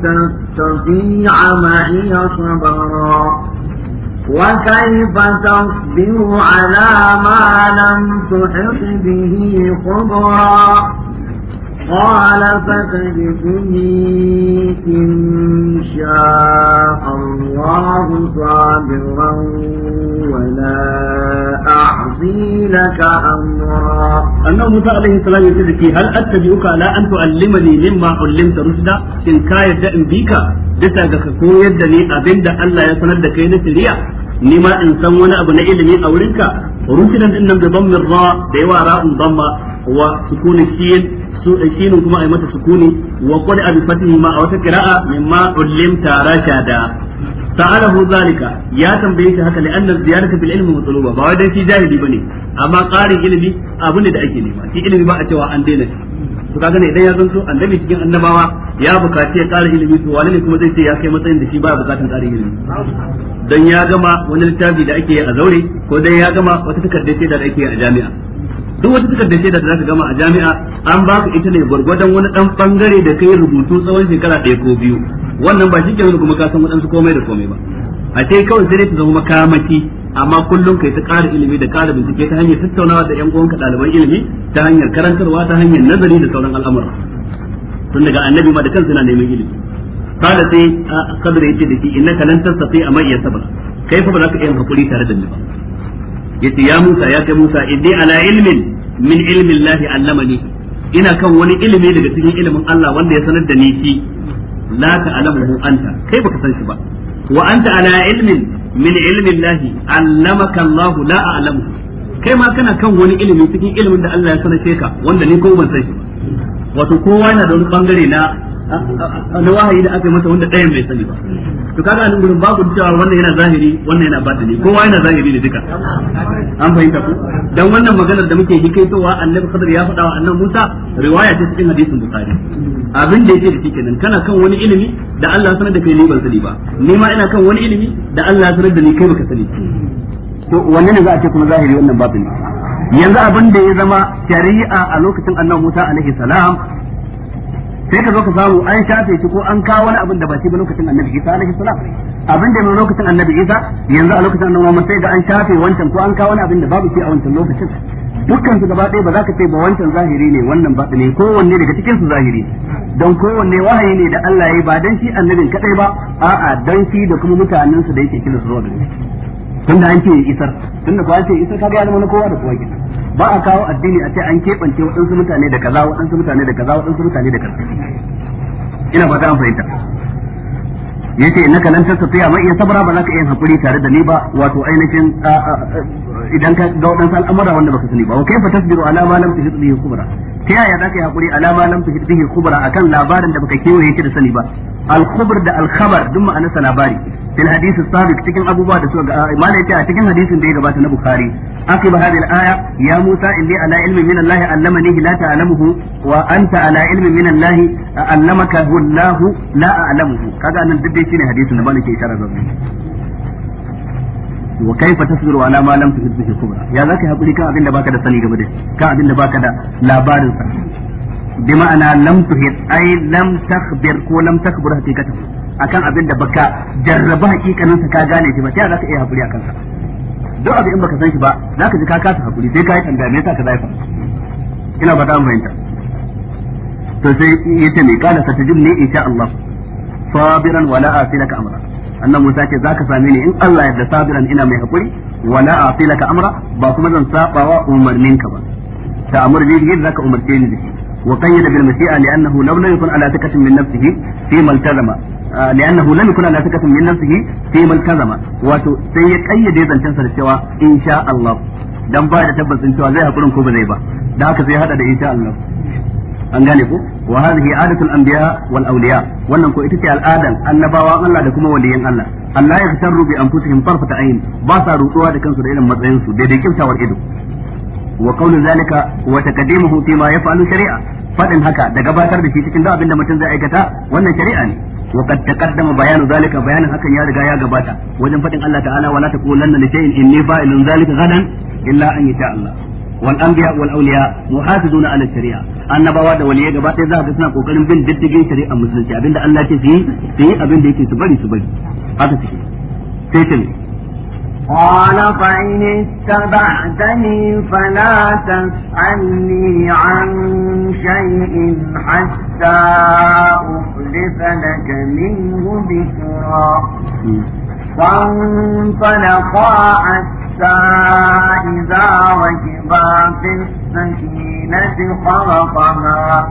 تستطيع معي صبرا وكيف تصبر على ما لم تحط به خبرا قال فتجدني إن شاء الله صابرا ولا أعصي لك أمرا annabi Musa alaihi salam ya ce da ke hal attabi'uka ala an tu'allimani mimma ullimta rusda in ka yadda in bika bisa ga ka koyar da ni abinda Allah ya sanar da kai na shari'a ni ma in san wani abu na ilimi a wurinka rusdan din nan da dammir ra da yawa ra'un damma wa sukuni shin su kuma ai mata sukuni wa qad abi fatihi ma a wata qira'a mimma ullimta rashada sa'alahu zalika ya tambaye shi haka li'anna ziyarata bil ilmi mutluba ba wai dai shi jahili ne amma ƙarin ilimi abu ne da ake nema shi ilimi ba a cewa an daina shi to kaga idan ya zanto annabi cikin annabawa ya bukaci ya ƙara ilimi to wani ne kuma zai ce ya kai matsayin da shi ba bukatun ƙarin ilimi wani littafi da ake yi a zaure ko dan ya gama wata takardar ce da ake yi a jami'a duk wata takardar shaida da zaka gama a jami'a an baka ita ne gwargwadon wani dan bangare da kai rubutu tsawon shekara ɗaya ko biyu wannan ba shi kenan kuma ka san wadansu komai da komai ba a ce kawai sai ta zama makamaki amma kullum kai ta ƙara ilimi da ƙara bincike ta hanyar tattaunawa da yan uwanka ɗaliban ilimi ta hanyar karantarwa ta hanyar nazari da sauran al'amura tun daga annabi ma da kansu na neman ilimi kada sai kadare yace da ki innaka lan tastati amma iya sabar kai fa ba za ka iya hakuri tare da ni ba yace ya Musa ya kai Musa inni ala ilmin min ilmi Allah allamani ina kan wani ilimi daga cikin ilimin Allah wanda ya sanar da ni shi la ta'lamu anta kai baka san shi ba wa anta ala ilmin min ilmi Allah allamaka Allah la a'lamu kai ma kana kan wani ilimi cikin ilimin da Allah ya sanar ka wanda ni ko ban san shi ba wato kowa yana da wani bangare na na wahayi da aka yi masa wanda ɗayan bai sani ba to kaga anan gurin babu cewa wannan yana zahiri wannan yana batini kowa yana zahiri ne duka an fahimta ku dan wannan maganar da muke hikaitowa annabi Khadir ya faɗa wa annabi Musa riwaya ta cikin hadisin Bukhari abin da yake da cikin nan kana kan wani ilimi da Allah sanar da kai ne ban sani ba ni ma ina kan wani ilimi da Allah sanar da ni kai baka sani to wanne ne za a ce kuma zahiri wannan babin yanzu abin da ya zama shari'a a lokacin annabi Musa alaihi salam sai ka zo ka samu an shafe shi ko an kawo wani abin da ba shi ba lokacin annabi isa alaihi salam abin da mai lokacin annabi isa yanzu a lokacin annabi muhammad sai ga an shafe wancan ko an kawo wani abin da babu shi a wancan lokacin dukkan su gaba ɗaya ba za ka ce ba wancan zahiri ne wannan ba ne kowanne daga cikin su zahiri don kowanne wahayi ne da Allah ya yi ba dan shi annabin kadai ba a'a dan shi da kuma mutanen su da yake kira su zuwa gare shi tunda an ce isar tunda ko an ce isar kaga ya zama na kowa da kowa kenan ba a kawo addini a ce an keɓance waɗansu mutane da kaza waɗansu mutane da kaza waɗansu mutane da kaza ina ta an fahimta ya yace innaka lan tafiya mai iya sabara ba za ka iya haƙuri tare da ni ba wato ainihin idan ka ga waɗansu al'amura wanda ba ka sani ba wa kaifa tasbiru ala ma lam tuhit bihi khubra ta yaya za ka yi hakuri ala ma lam tuhit bihi khubra akan labarin da baka kewaye shi da sani ba al khubr da al khabar duk ma'anarsa labari fil hadith as-sabiq cikin abubuwa da suka ga ah, malai ta cikin hadisin da ya gabata na bukhari akiba ya musa inni ala ilmin min allah a la ta'lamuhu wa anta ala ilmin min allah allamaka allah la a'lamuhu kaga nan duk dai shine da malai ke isharar zuwa wa kaifa tasbiru ala ma lam tuhit ya zaka hakuri kan abin da baka da sani game da kan abin da baka da labarin bi ma'ana lam tuhit ay lam takhbir ko lam takhbir hakikatan akan abin baka jarraba hakikanin ka gane shi ba sai zaka iya hakuri akan sa duk abin in baka san shi ba zaka ji ka kasa hakuri sai ka yi tambaya me yasa ka zai faru ina ba ta fahimta to sai yace me kana satajibni insha Allah sabiran wala asilaka amra annabi Musa ce zaka same ni in Allah ya da sabiran ina mai hakuri wala asilaka amra ba kuma zan sabawa umarninka ba ta amurni da zaka umarce ni da shi وقيد بالمشيئة لأنه لو لم يكن على ثقة من نفسه فيما التزم لأنه لم يكن على ثقة من نفسه فيما التزم واتو سيقيد إذا تنسى السوى إن شاء الله dan ba da tabbacin cewa zai hakurin ko ba zai ba da haka sai hada da insha Allah an gane ko wa hadhihi adatul anbiya wal awliya wannan ko ita ce al'adan annabawa Allah da kuma waliyan Allah Allah ya fitar bi anfusihim tarfata ayn ba sa rutuwa da kansu da irin matsayin su daidai kyautawar ido wa qawlu zalika wa taqdimuhu fi ma yaf'alu shari'a fadin haka da gabatar da shi cikin duk abin da mutum zai aikata wannan shari'a ne wa qad taqaddama bayanu zalika bayanin hakan ya riga ya gabata wajen fadin Allah ta'ala wala taqulanna li shay'in inni fa'ilun zalika gadan illa an yata Allah wal anbiya wal awliya muhafizuna ala shari'a annabawa da waliyai gaba ɗaya za ga suna kokarin bin diddigin shari'a musulunci abinda Allah ke yi yi abinda yake su bari su bari haka take sai قال فإن اتبعتني فلا تسألني عن شيء حتى أخلف لك منه ذكرا فانطلقا حتى إذا ركبا في السكينة خلقها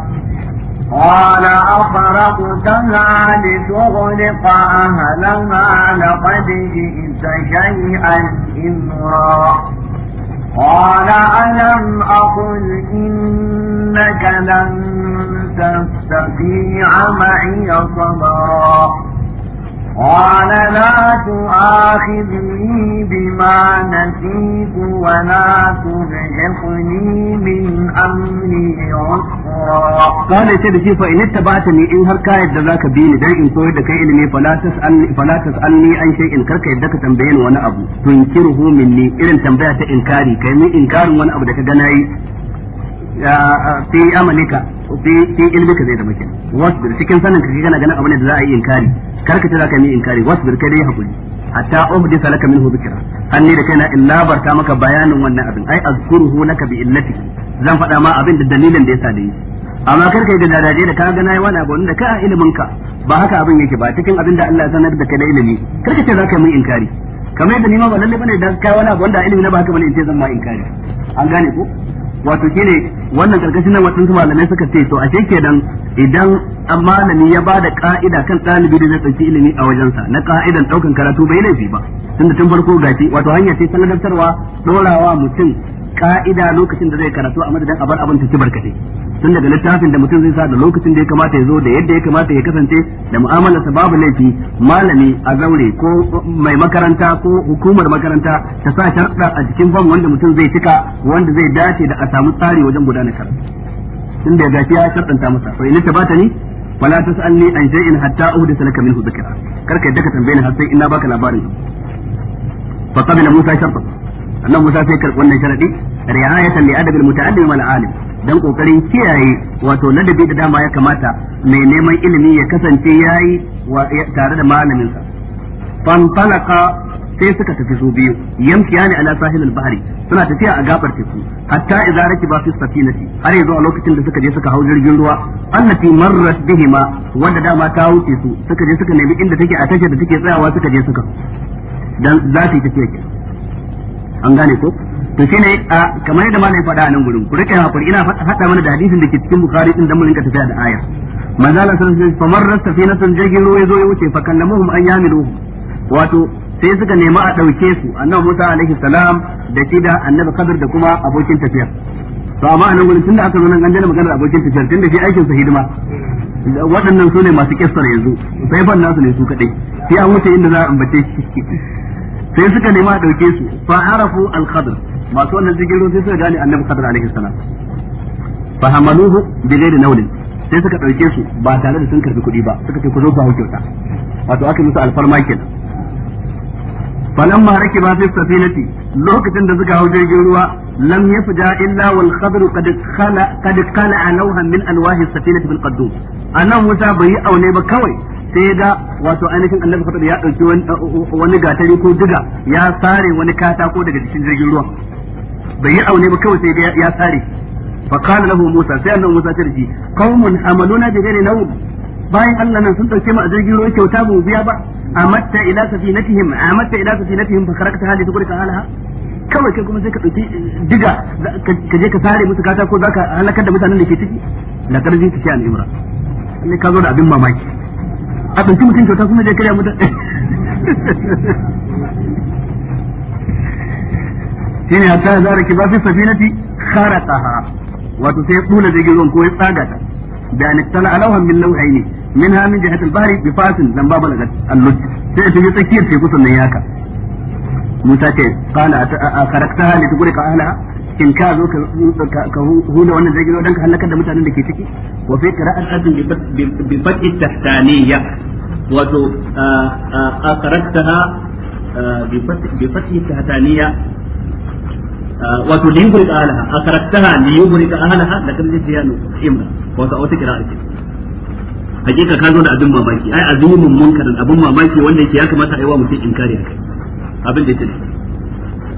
قال أخرجتها لتغلق أهلها لقد جئت شيئا إمرا قال ألم أقل إنك لن تستطيع معي صبرا قال لا تؤاخذني بما نسيت ولا ترهقني من أمري عسرا قال يا شيخ فإن اتبعتني إن هر كايد ذاك بيني دان إن سويت كاي إلمي فلا تسألني فلا تسألني عن شيء كرك يدك تنبين وأنا أبو تنكره مني إذن تنبيه إنكاري كأني إنكار وأنا أبو دك في أملك في في علمك زي ما كان واصبر cikin sanin ka kana ganin abin da za a yi inkari karka ce zaka yi inkari wasbir kai dai hakuri hatta uhdisa laka minhu dhikra anni da kaina in labarta maka bayanin wannan abin ai azkuruhu laka bi illati zan faɗa ma abin da dalilin da yasa da yi amma kar kai da dadaje da ka ga nayi wani abu da ka a ilimin ka ba haka abin yake ba cikin abin da Allah ya sanar da kai da ilimi kar ka ce zaka yi min inkari kamar yadda ni ma ba lalle bane da kai wani abu wanda ilimi na ba haka bane in ce zan ma inkari an gane ko wato shine wannan karkashin nan wasu malamai suka ce to ashe kenan idan malami ya ba da ka'ida kan ɗalibi da zai ɗauki ilimi a wajensa na ka'idan ɗaukan karatu bai laifi ba tunda tun farko gashi wato hanya ce sanadabtarwa dorawa mutum ka'ida lokacin da zai karatu a madadin abar abin take barkate tun daga littafin da mutum zai sa da lokacin da ya kamata ya zo da yadda ya kamata ya kasance da mu'amalarsa babu laifi malami a zaure ko mai makaranta ko hukumar makaranta ta sa sharɗa a cikin fam wanda mutum zai cika wanda zai dace da a samu tsari wajen gudanar karatu tun da gashi ya sharɗanta masa to ina tabata ni wala tasalni an shay'in hatta uhdi salaka minhu dhikra karka yadda ka tambaye ni har sai ina baka labarin fa qabila musa shartan annabi Musa sai karɓi wannan sharadi riayatan li adabil muta'allim wal alim dan kokarin kiyaye wato ladabi da dama ya kamata mai neman ilimi ya kasance yayi tare da malamin sa talaka sai suka tafi su biyu yamkiyani ala sahil al-bahri suna tafiya a gabar teku hatta idza rakiba fi safinati har yanzu a lokacin da suka je suka hau jirgin ruwa annati marrat bihima wanda dama ta wuce su suka je suka nemi inda take a tashar da take tsayawa suka je suka dan za su yi tafiya an gane ko to shine kamar yadda malamin faɗa a nan gurin ku rike hakuri ina faɗa mana da hadisin da ke cikin bukhari din dan mun rinka tafiya da aya manzala sallallahu alaihi wasallam famar safinatun jirgin ruwa yazo ya wuce fa kallamuhum an yamiluhu wato sai suka nema a dauke su annabi Musa alaihi salam da shi da annabi kabir da kuma abokin tafiyar to amma a nan gurin tunda aka zo nan an dana maganar abokin tafiyar tunda shi aikin sa hidima waɗannan su ne masu kissar yanzu sai ban nasu ne su kaɗai sai an wuce inda za a ambace shi sai suka nema dauke su fa arafu al khadr masu wannan jirgin ruwa sai suka gane annabi khadr alaihi salam fa hamaluhu bi ghairi nawlin sai suka dauke su ba tare da sun karbi kuɗi ba suka ce ku zo ba hau kyauta wato aka musu alfarma kenan falamma ba fi safinati lokacin da suka hau jirgin ruwa lam yafja illa wal khadr qad khala qad qala alawhan min alwahi safinati bil qaddum anan Musa bai aune ba kawai sai ga wato ainihin annabi fadar ya dauki wani gatari ko diga ya sare wani katako daga cikin jirgin ruwan bai yi aune ba kawai sai ga ya sare fa qala lahu musa sai annabi musa ta ce qaumun amaluna bi ghairi nawm bayan Allah nan sun dauke mu a jirgin ruwa kyauta mu biya ba amatta ila safinatihim amatta ila safinatihim fa karakta hali ka halaha kawai kai kuma sai ka dauki diga ka je ka sare musu katako zaka halakar da mutanen da ke ciki la karji ta ce an imra ne ka zo da abin mamaki a ɗauki mutum kyauta kuma zai karya mutum shine hatta ya zara kiba fi safinati kharaqaha wato sai ya kula jirgin ruwan ko ya tsaga ta da an tala alawhan min lawhayn minha min jihati al-bahri bi fasin lam babal al-lut sai ta yi tsakiyar teku sannan yaka Musa ce qala a kharaqtaha li ka ahliha shin ka zo ka hula wannan jirgin don ka halakar da mutanen da ke ciki wa fi qira'at abin bi fat'i tahtaniya wato aqrattaha bi bi fat'i tahtaniya wato li yubrika ahliha aqrattaha li yubrika ahliha da kan jiji ya imra wato a wata qira'a ce hakika ka zo da abin mamaki ai azumun munkarin abin mamaki wanda yake ya kamata a yi wa mutum inkari akai abin da yake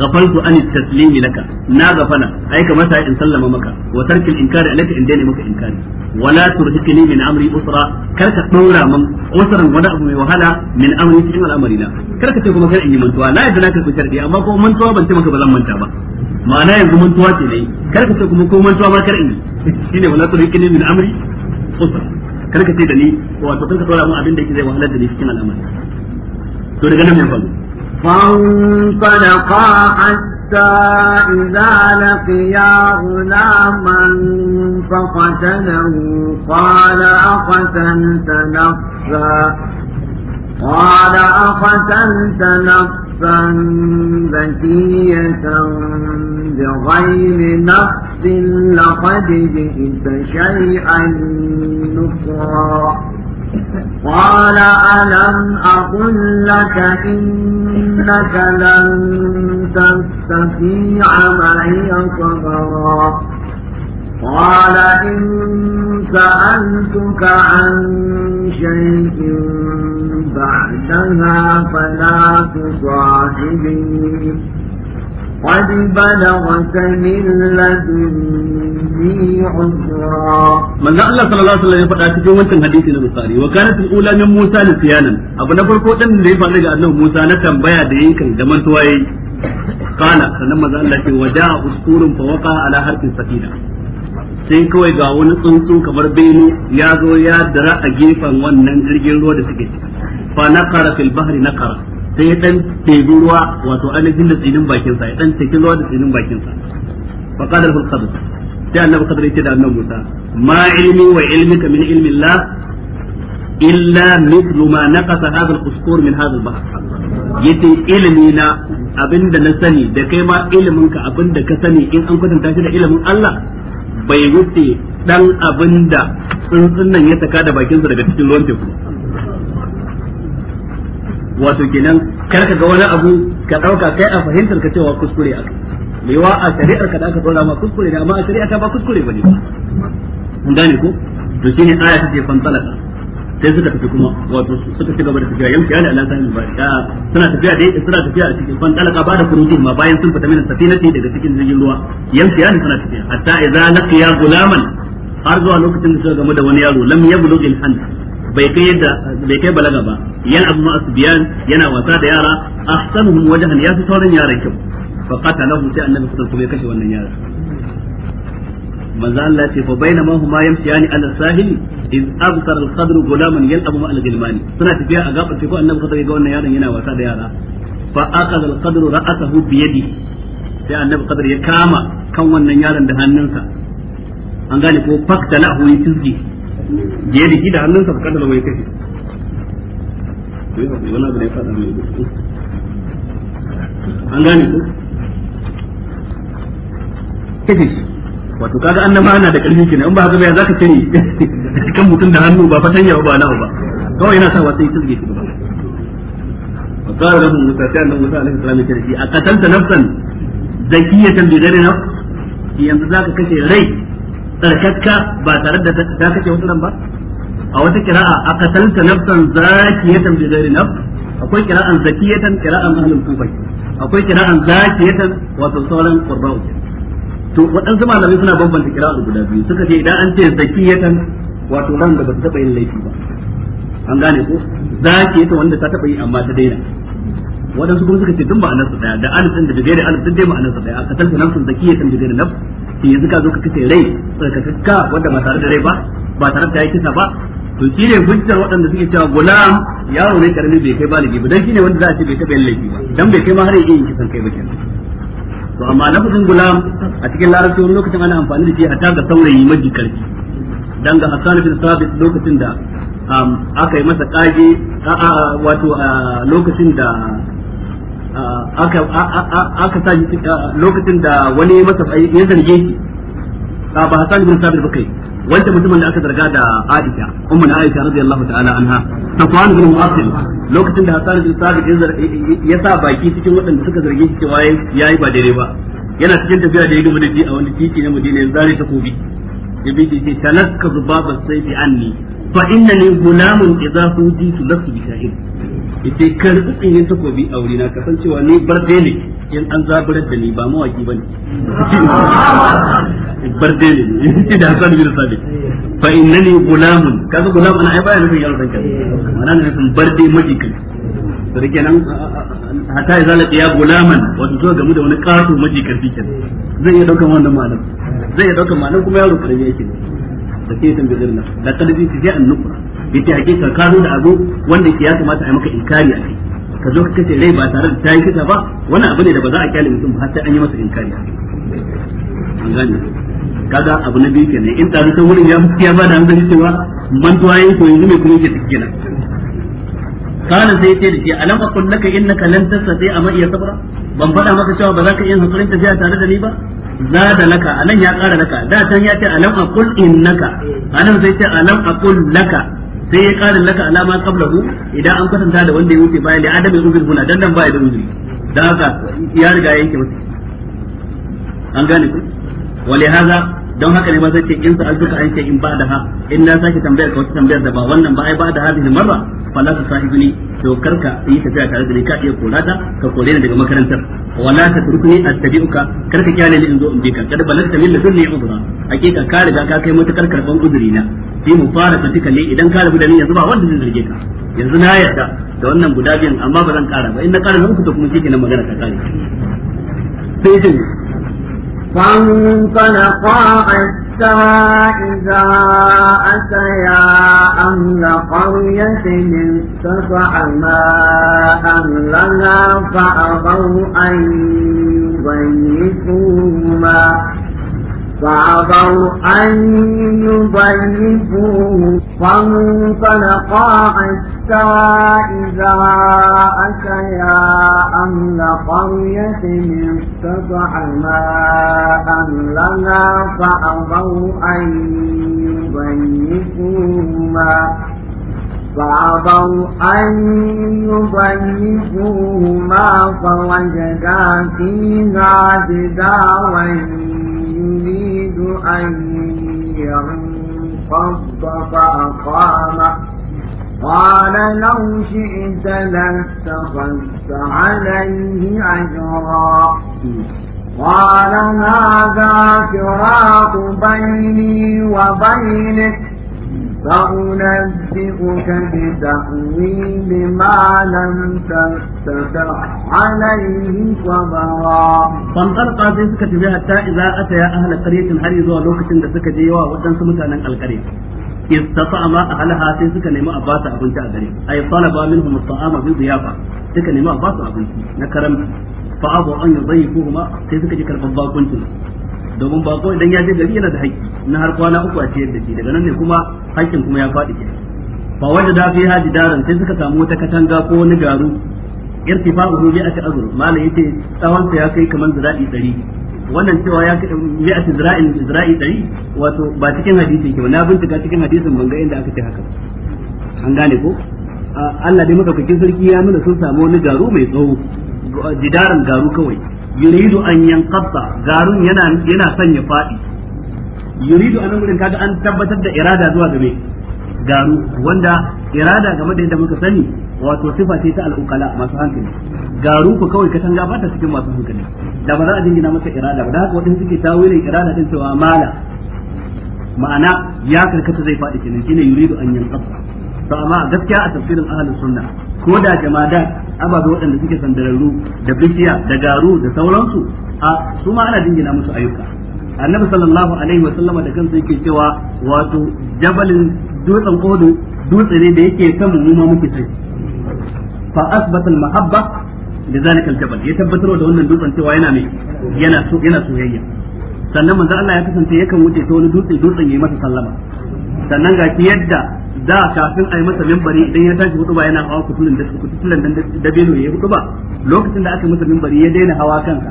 غفلت عن التسليم لك نا غفنا اي كما ان سلم مك وترك الانكار عليك ان دين مك انكار ولا ترهقني من امري اسرا كرك دورا من اسرا ودا ابو وهلا من امري na yadda da ni wato فانطلقا حتى إذا لقيا غلاما فقتله قال أقتلت نفسا قال أقتلت نفسا ذكية بغير نفس لقد جئت شيئا نكرا قال ألم أقل لك إنك لن تستطيع معي صبرا قال إن سألتك عن شيء بعدها فلا تصاحبني قد بلغت من لدني عذرا من الله صلى الله عليه وسلم faɗa cikin wancan hadisi na Bukhari wa kanat al-ula min abu na farko dan da ya faru daga annabi Musa na tambaya da yayin kan zaman tuwaye kana sannan manzo Allah ce waja'a uskurun fa waqa ala harfin sakina sai kawai ga wani tsuntsu kamar bene ya zo ya dara a gefen wannan jirgin ruwa da suke fa naqara fil na naqara sai ya dan tebi ruwa wato ainihin da tsinin bakin sa ya dan tebi ruwa da tsinin bakin sa fa qala lahu al-qadr sai annabi qadr yace da annabi Musa ma ilmi wa ilmika min ilmi Allah illa mithlu ma naqasa hadha al-qusqur min hadha al-bahr yace ilmi na abinda na sani da kai ma ilimin ka abinda ka sani in an kwatanta shi da ilimin Allah bai wuce dan abinda tsuntsun nan ya saka da bakin sa daga cikin ruwan teku wato kenan kar ka ga wani abu ka dauka kai a fahimtar ka cewa kuskure aka wa a shari'ar ka da aka dora ma kuskure ne amma a shari'a ta ba kuskure bane ba kun gane ko to shine aya take fantalaka sai suka tafi kuma wato suka ci gaba da tafiya yamshi ala ala sahin ba da suna tafiya dai suna tafiya a cikin fantalaka ba da kuruji ma bayan sun fita minan safinati daga cikin jirgin ruwa ya ala suna tafiya hatta idza laqiya gulaman har zuwa lokacin da suka gamu da wani yaro lam yablugh al bai kai yadda bai kai balaga ba yan abu ma'asbiyan yana wasa da yara ahsanuhum wajhan ya fi sauran yaran kyau fa qatalahu sai annabi sallallahu alaihi kashe wannan yara manzo Allah ce fa bainama huma yamshiyani ala sahil iz al-qadr gulaman yal'abu gilmani suna tafiya a gaban teku annabi sallallahu alaihi ga wannan yana wasa da yara fa al-qadr ra'atahu bi sai annabi qadr ya kama kan wannan yaron da hannunsa an gane ko faktalahu yatizgi je da shi da hannunsa fakar da mai kashe wani abu da ya faɗa mai an gane ko kashe wato kaga annaba ana da ƙarfi kenan in ba haka ba ya zaka tare kan mutum da hannu ba fatanya ba na ba kawai yana sa wata yi tilge shi ba وقال له موسى كان موسى عليه السلام يقول أقتلت نفسا bi بغير نفس في أن ذاك كشي rai. tsarkakka ba tare da ta kake wuturan ba a wata kira'a a kasalta nafsan zakiyatan bi ghairi nafs akwai kira'an zakiyatan kira'an ahlul kufa akwai kira'an zakiyatan wato sauran qurba'u to waɗansu malamai suna bambanta kira'ar guda biyu suka ce idan an ce zakiyatan wato ran da ba ta taɓa yin laifi ba an gane ko zakiyatan wanda ta taɓa yi amma ta daina wadansu kuma suka ce tun ma'anar su daya da alif din da bigayar alif din dai ma'anar su daya a sun zaki ya san bigayar nan to yanzu ka zo ka kace rai tsarkakakka wanda ba tare da rai ba ba tare da ya kisa ba to shi ne hujjar waɗanda suke cewa gulam yaro ne karami bai kai baligi ba dan shi ne wanda za a ce bai taɓa yin laifi ba dan bai kai ma har yin kisan kai ba kenan to amma na lafazin gulam a cikin larabci wani lokacin ana amfani da shi a taga saurayi maji karfi dan ga hasan bin Sabit lokacin da um, aka yi masa kaje wato lokacin da Ah, aka sa sa ah, lokacin da wani masa ya zarge shi ah, ba Hassan bin Sabir bakai wanda mutumin da aka zarga da Aisha ummu na Aisha radiyallahu ta'ala anha Safwan bin Mu'assil lokacin da Hassan bin Sabir ya sa baki cikin waɗanda suka zarge shi cewa yayi ba daidai ba yana cikin tafiya da ya gama da shi a wani titi na Madina ya zare takobi ya bi ce talakka zubaba sayfi anni fa innani gulamun idza su lasu bi shahid yace ka rika tsinyen takobi a wurina ka san cewa ni barde ne in an zabar da ni ba mawaki bane barde ne yace da Hassan bin Sabit fa innani gulamun kaga gulam ana ai baya nufin yaro danka ana nufin barde majikan sai kenan hatta ya zalaka ya gulaman wato zuwa gamu da wani kasu majikan kenan zai iya daukan wannan ma'anar zai iya daukan ma'anar kuma yaro karami yake ne sakiyatan bi ghirna laqad ji'tu shay'an nukra yace hakika ka zo da abu wanda ke ya kamata a yi maka inkari a kai ka zo ka kace rai ba tare da yi kisa ba wani abu ne da ba za a kyale mutum har sai an yi masa inkari an gane kaga abu na biyu kenan in tare ta wurin ya ya ba da hankali cewa mantuwa yayin to yanzu me kuma yake tikina kana sai ce da shi alam aqul laka lantarsa sai a ma iya sabra ban faɗa maka cewa ba za ka iya ta tafiya tare da ni ba zada laka anan ya ƙara laka da can ya ce alam aqul innaka anan sai ce alam aqul laka sai ya ƙara laka alama qablahu idan an kwatanta da wanda ya wuce bayan da adam ya uzur buna dan nan ba ya da uzuri dan haka ya riga yanke masa an gane ku ولهذا don haka ne ma ce in duka an in ba da ha in na sake tambayar ka wata tambayar da ba wannan ba ai ba da ha hadhihi marra fala ta sahibuni to karka yi tafiya tare da ni ka iya kora ta ka kore ni daga makarantar wala ta turkuni attabi'uka karka kyale ni in zo in bi ka kada balagta min ladunni uzra hakika ka riga ka kai matukar karban uzuri na sai mu fara fatika ne idan ka rabu ni yanzu ba wanda zai zarge ka yanzu na yarda da wannan guda biyan amma ba zan kara ba in na kara zan ta kuma shi kenan magana ta kare sai فانطلقا حتى إذا أتيا أهل قرية استطعما أهلها فأبوا أن يبيتوهما فعبوا أن يضيفوه فانطلقا حتى إذا أتيا أمن قرية استطعما أهلنا فأبوا أن يضيفوهما فأبوا أن يضيفوهما فوجدا فيها جدارا أن ينقض فأقامه قال لو شئت لاتخذت عليه أجرا قال هذا فراق بيني وبينك سأنبئك بتأويل ما لم تستطع عليه صبرا فانطلقا في سكة بها حتى إذا أتيا أهل قرية هل يزوى لوكة دسك جيوا ودن سمتانا القرية istata'a ma ahalaha sai suka nemi a ba su abinci a gare ay talaba minhum at'ama bi ziyafa suka nemi a ba su abinci na karam fa abu sai suka ji karban bakuncin domin ba ko idan ya je gari yana da haƙƙi na har kwana uku a ciyar da shi daga nan ne kuma haƙƙin kuma ya faɗi ke fa wanda da fi haji daran sai suka samu wata katanga ko wani garu irtifa'uhu bi ati azur malai yace tsawon sa ya kai kamar zira'i 100 wannan cewa ya kai bi ati zira'in zira'i 100 wato ba cikin hadisi ke na bincika cikin hadisin ban ga inda aka ce haka an gane ko Allah dai kakin sarki ya nuna sun samu wani garu mai tsawo jidaran garu kawai yuridu an yanqata garun yana yana son ya fadi yuridu anan gurin kaga an tabbatar da irada zuwa game garu wanda irada game da yadda muka sani wato sifa ce ta al'ukala masu hankali garu ku kawai katanga ba ta cikin masu hankali da ba za a dingina masa irada ba da haka wadanda suke tawilin irada din cewa mala ma'ana ya karkata zai fadi kenan shine yuridu an yanqata to amma gaskiya a tafsirin ahlus sunna ko da jama'a ababe waɗanda suke sandararru da bishiya da garu da sauransu a su ma ana dingina musu ayyuka annabi sallallahu alaihi wa sallama da kansa yake cewa wato jabalin dutsen kodo dutse ne da yake kan mu ma muke sai fa asbata al mahabba da zalika al jabal ya tabbatar da wannan dutsen cewa yana mai yana so yana soyayya sannan manzo Allah ya kasance yakan wuce ta wani dutse dutsen yayi masa sallama sannan ga yadda da kafin a yi masa mimbari idan ya tashi hudu ba yana hawa kutulun da kutulun da dabino ya hudu ba lokacin da aka masa mimbari ya daina hawa kanka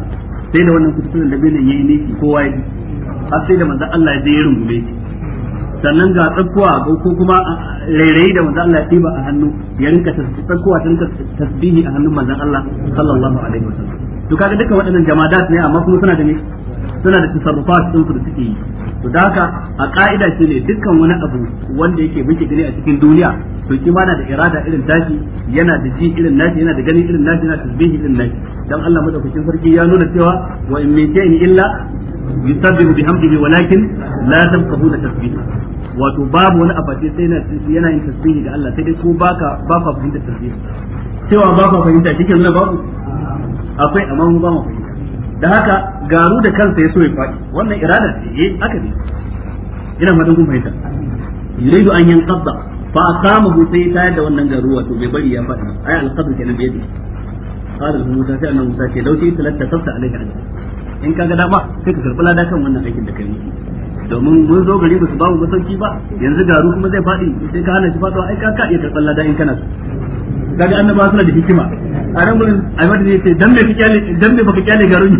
sai da wannan da dabino ya yi niki kowa yi ji har sai da manzo Allah ya je ya rungume shi sannan ga tsakkuwa ko kuma rairayi da manzo Allah ya tiba a hannu ya rinka tsakkuwa ta rinka tasbihi a hannun manzo Allah sallallahu alaihi wasallam to kaga dukkan waɗannan jama'a da ne amma kuma suna da ne suna da tasarrufat su da suke yi to da haka a ka'ida shi ne dukkan wani abu wanda yake muke gani a cikin duniya to shi ma na da irada irin tashi yana da ji irin nashi yana da gani irin nashi yana da tasbihi irin nashi dan Allah madaukakin sarki ya nuna cewa wa in min shay'in illa yusabbihu bihamdihi walakin la tafqahuna tasbihi wato babu wani abace sai yana yana yin tasbihi ga Allah sai dai ko baka ba ka fahimta tasbihi cewa ba ka fahimta cikin ke ba babu akwai amma mu ba mu fahimta da haka garu da kansa ya so ya faɗi wannan irada ce eh aka ne ina madan kun fahimta yuridu an yanqadda fa aqamahu sai ta da wannan garu wato bai bari ya faɗi ai alqadda kenan bai yi qala lahu musa sai annabi musa ce dauki talatta tsafta alaihi ajr in kaga dama sai ka karbi lada kan wannan aikin da kai domin mun zo gari ba su babu masauki ba yanzu garu kuma zai faɗi sai ka hana shi faɗo ai ka ka iya karɓar lada in kana so kaga annaba suna da hikima a nan gurin almadi ne ce dan me ka kyale dan me baka kyale garin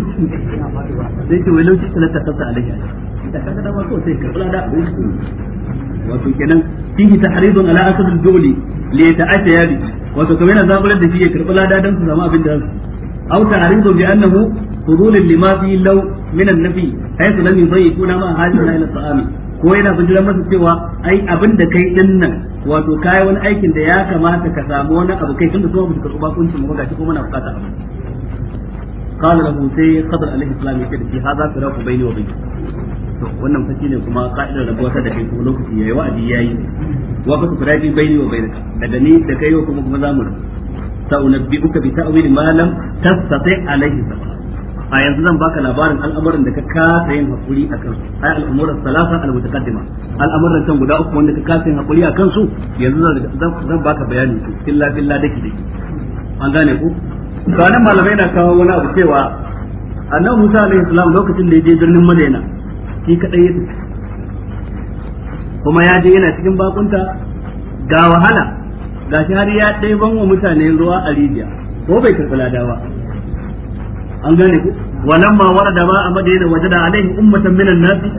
sai ce wai da kaga da sai ka kula da wato kenan fihi tahridun ala asab al-dawli li yata'ata wato kamar yana da shi ya karbi lada dan su samu abin da su أو تعريض بأنه فضول لما فيه لو من النفي حيث لم يضيفون ما حاجنا إلى ko yana bijiran masa cewa ai abin da kai din nan wato kai wani aikin da ya kamata ka samu wani abu kai tunda kuma baka karɓa kuncin mu ga kuma na bukata abu قال له سي خضر عليه السلام يقول في هذا فراق wa وبينك to wannan fasi ne kuma ka'idar rabuwa ta da kai kuma lokaci yayi wa'adi yayi wa fa firaji baini wa bainaka daga ni da kai kuma kuma zamu sa'unabbi'uka bi ta'wil ma lam tastati' alayhi sabra a yanzu zan baka labarin al'amuran da ka kasa yin hakuri a kansu ai al'amuran salasa al-mutaqaddima al'amuran can guda uku wanda ka kasa yin hakuri a kansu yanzu zan baka bayani su illa billah dake dake an gane ku sanan malamai na kawo wani abu cewa annabi Musa alaihi salam lokacin da ya je birnin Madina shi kadai ya kuma ya je yana cikin bakunta ga wahala gashi har ya ɗaiban wa mutane ruwa a libya. ko bai karɓi ladawa an gane ku walamma warada ma a madina wajada alaihi ummatan minan nasi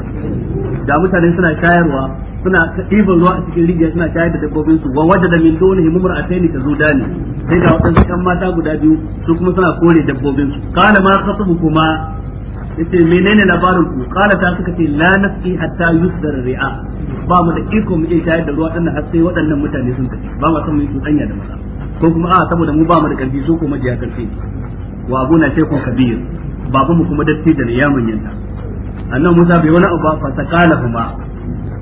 da mutane suna shayarwa suna ɗiban ruwa a cikin rijiya suna shayar da dabbobin su wa wajada min dunihi mumra'atayn tazudani sai ga wadansu kan mata guda biyu su kuma suna kore dabbobin su qala ma khatabu kuma yace menene labarin ku qala ta suka ce la nafsi hatta yusdar ri'a ba mu da iko mu je shayar da ruwa dinnan har sai waɗannan mutane sun tafi ba ma san mu yi tsanya da masa ko kuma a saboda mu ba mu da karfi su kuma jiya karfi wa abuna shaykhun kabir babu mu kuma datti ne ya manyanta annabi Musa bai wani abu fa taqala huma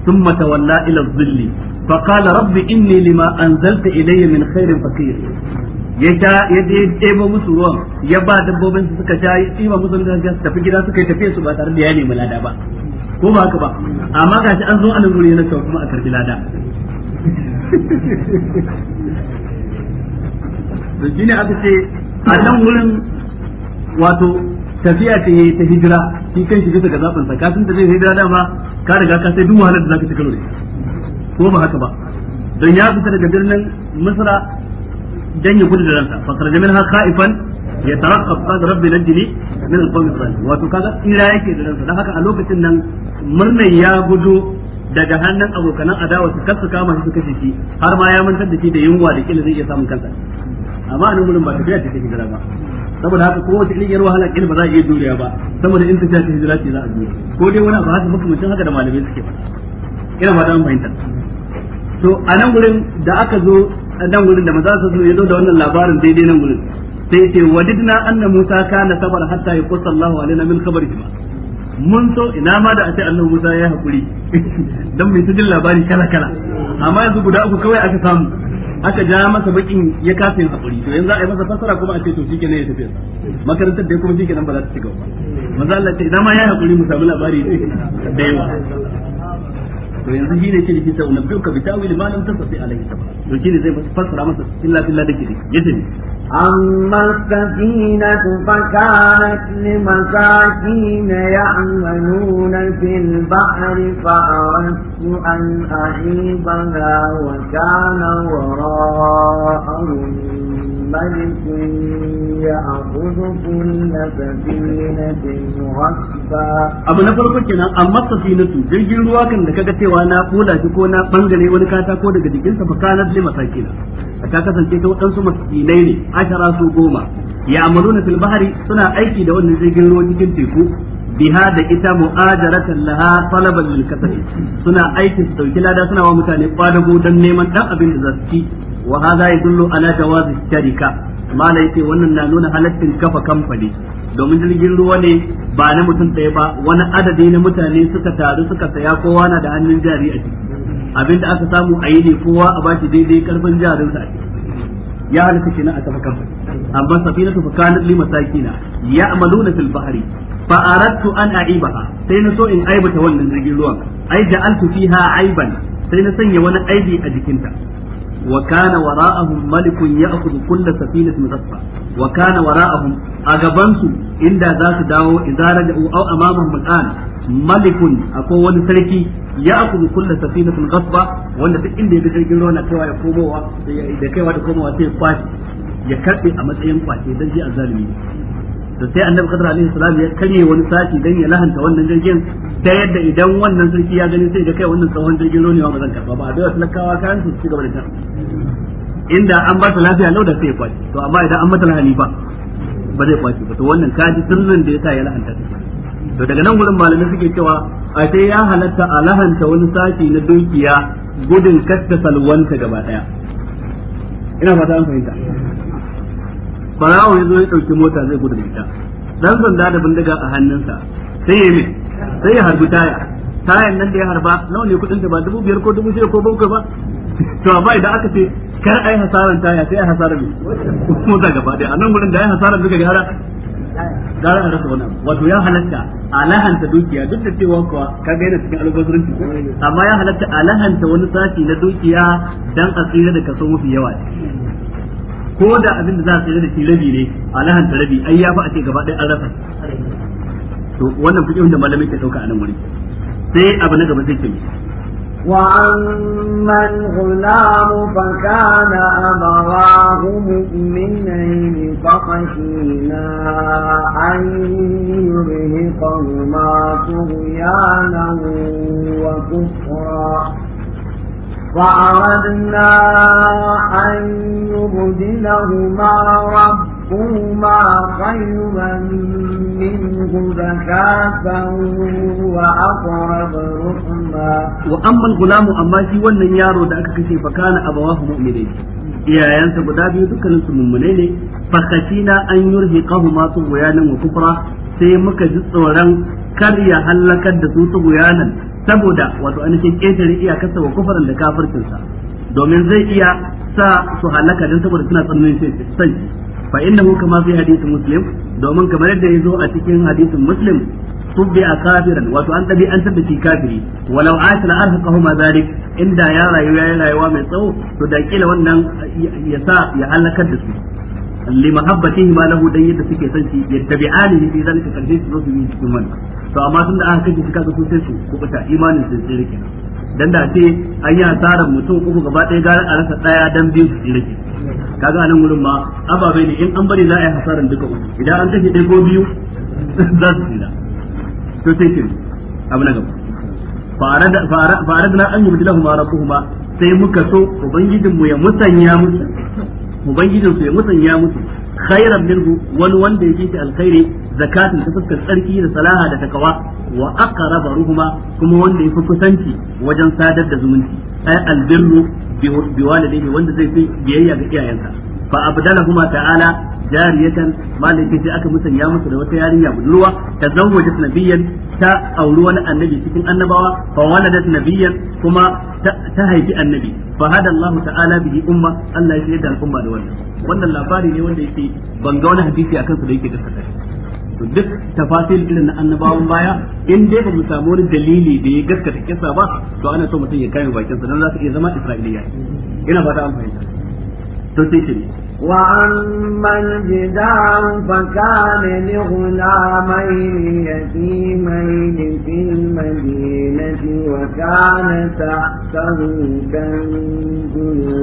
thumma tawalla ila dhilli fa qala rabbi inni lima anzalta ilayya min khairin faqir ya ta ya ɗebo musu ruwan ya ba dabbobin su suka sha ya ɗiba musu ruwan su tafi gida suka yi tafiye su ba tare da ya nemi lada ba ko ba haka ba amma ga shi an zo anan guri yana cewa kuma a karbi lada to shine aka ce a nan wurin wato tafiya ce yayi ta hijira shi kan shi bisa ga zaɓin sa kafin ta zai hijira dama ka riga ka sai duk wahalar da zaka ci karo ko ba haka ba don ya fita daga birnin Misra dan ya gudu da ransa fa kharaja ha khaifan ya yataraqqab qad rabbi najini min al-qawm al-zalim wato kaga ira yake da ransa dan haka a lokacin nan murnan ya gudu daga hannun abokanan adawa su kasu kama shi su kashe shi har ma ya mantar da shi da yunwa da kila zai iya samun kansa amma a nan gurin ba tafiya ce ta hijira ba saboda haka ko wata iliyar wahala kin ba za a iya juriya ba saboda in tafiya ta hijira ce za a jure ko dai wani abu haka makamancin haka da malamai suke ba ina ba an fahimta to a nan gurin da aka zo a nan gurin da maza su ya zo da wannan labarin daidai nan gurin sai ce wadidna anna musa kana sabar hatta yaqussa Allahu alaina min khabarihi mun so ina ma da ace annabi Musa ya hakuri dan mai ta jin labari kala kala amma yanzu guda uku kawai aka samu aka ja masa bakin ya kafin hakuri to yanzu a yi masa fasara kuma a ce to shikenan ya tafi makarantar da kuma shikenan ba za ta ci gaba manzo Allah ce idan ma ya hakuri mu samu labari da yawa to yanzu shi ne ce da kisa wannan duka bi tawili ma lam tasfi alaihi sabah to shi ne zai fassara masa illa billah da kike yace ne amma safinatu fakanat limasakin ya'maluna fil bahri fa aradtu an ahibaha wa kana wara'ahum ملك يأخذ كل سفينة غصبا أبو نفر كنا أما السفينة jirgin ruwa kan da ka ga cewa na kula ko na bangare wani katako daga jikinsa fa kanat li ta kasance ta wadansu masakinai ne ashara su goma ya amaluna fil bahari suna aiki da wannan jirgin ruwan cikin teku biha da ita mu'ajaratan laha talaban lil kasari suna aikin su dauki lada suna wa mutane kwadago don neman ɗan abin da za wa hadha yadullu ala jawaz sharika malai yace wannan na nuna halaccin kafa kamfani domin jirgin ruwa ne ba na mutum ɗaya ba wani adadi na mutane suka taru suka saya kowa na da hannun jari a ciki abinda aka samu a yi ne kowa a bashi daidai karfin jarinsa a ciki ya shi kenan a kafa kamfani amma Safina safinatu fakanat li masakina ya'maluna fil bahri fa aradtu an a'ibaha sai na so in aibata wannan jirgin ruwan ai da ja'altu fiha aiban sai na sanya wani aibi a jikinta وكان وراءهم ملك يأخذ كل سفينة غصبا وكان وراءهم أغبنسوا إن ذاك داو إذا رجعوا أو أمامهم الآن ملك أكو وني سركي يأخذ كل سفينة غصبا وأن إن دي بسركي لونا كوا يقوموا إذا كوا يقوموا وسيقواش ya karbe a matsayin kwace dan ji azalimi to sai annabi kadar alaihi salam ya karye wani sati dan ya lahanta wannan jirgin sai yadda idan wannan sarki ya gani sai ga kai wannan tsohon jirgin ronewa ba zan karba ba a dole lakawa kan su ci gaba da ta inda an ba ta lafiya lau da sai ya kwaci to amma idan an mata lahani ba ba zai kwaci ba to wannan kaji sirrin da ya sa ya lahanta ta to daga nan gurin malamai suke cewa a sai ya halatta a lahanta wani sati na dukiya gudun kasta salwanta gaba daya ina fata an fahimta farawo ya zo ya ɗauki mota zai gudu da ita dan sanda da bindiga a hannunsa sai ya mai sai ya harbi taya tayan nan da ya harba nawa ne kudin ta ba dubu biyar ko dubu shida ko bakwai ba to amma idan aka ce kar ai hasaran taya sai ai hasaran mai mota gaba daya a nan gurin da ai hasaran duka gara gara a rasa wannan wato ya halatta alahanta dukiya duk da cewa kuwa ka ga yana cikin albazurinci amma ya halatta alahanta wani sashi na dukiya dan asira da kaso mafi yawa ko da abin da za a sayar da shi rabi ne a lahanta rabi ai ya ba a ce gaba ɗaya an rasa to wannan fiqhun da malamai ke dauka a nan wuri sai abu na gaba zai ke وأما الغلام فكان أبواه مؤمنين فخشينا أن يرهقهما طغيانا وكفرا فأردنا أن يبدلهما ربهما خيرا منه زكاة وأقرب رحما وأما الغلام أما في wannan yaro da aka kashe fakana abawahu mu'minai iyayensa guda biyu dukkanin su mummune ne fakashina an yurhi yurhiqahuma tughyanan wa kufra sai muka ji tsoron kar ya halakar da su tughyanan saboda wato ainihin ƙetare iyakarsa wa kufarin da kafircinsa domin zai iya sa su halaka don saboda suna tsananin sai fa innahu kama fi hadisi muslim domin kamar yadda ya zo a cikin hadisin muslim tubbi a kafiran wato an tabi an tabbaci kafiri walau asila arhaqahu ma zalik inda ya rayu ya rayuwa mai tsawo to da kila wannan ya sa ya halakar da su Li limahabbatihi ma lahu dan yadda suke son shi yattabi'ani fi zalika kalbi su su yi cikin wani to amma tun da aka kace kaga su sai su kubuta imanin su sai rike dan da ce an yi asarar mutum uku gaba ɗaya gara a rasa ɗaya dan biyu su rike kaga anan wurin ma ababai ne in an bari za a hasaran duka uku idan an kashe ɗaya ko biyu za su tsira to sai ce abu na gaba da fa'aradna an yi yubdilahuma kuma sai muka so ubangijinmu ya musanya musu ubangijin su ya musanya musu khairan minhu wani wanda yake shi alkhairi zakatun ta fuskar tsarki da salaha da takawa wa aqraba ruhuma kuma wanda fi kusanci wajen sadar da zumunci ay albirru biwalidayhi wanda zai fi biyayya ga iyayensa fa abdalahuma ta'ala jariyatan malaki sai aka musanya musu da wata yarinya budurwa ta zawwajat nabiyyan ta auri wani annabi cikin annabawa fa waladat nabiyyan kuma ta haifi annabi fa hada Allah ta'ala bihi umma Allah ya da al'umma da wannan wannan labari ne wanda yake ban ga wani hadisi akan su da yake gaskata duk tafasil irin na annabawan baya in dai ba mu samu wani dalili da ya gaskata kisa ba to ana so mutum ya kai bakin sa dan za su iya zama Isra'iliya ina fata an fahimta to sai ce وأما الجدار فكان لغلامين يتيمين في المدينة وكان تحته كنز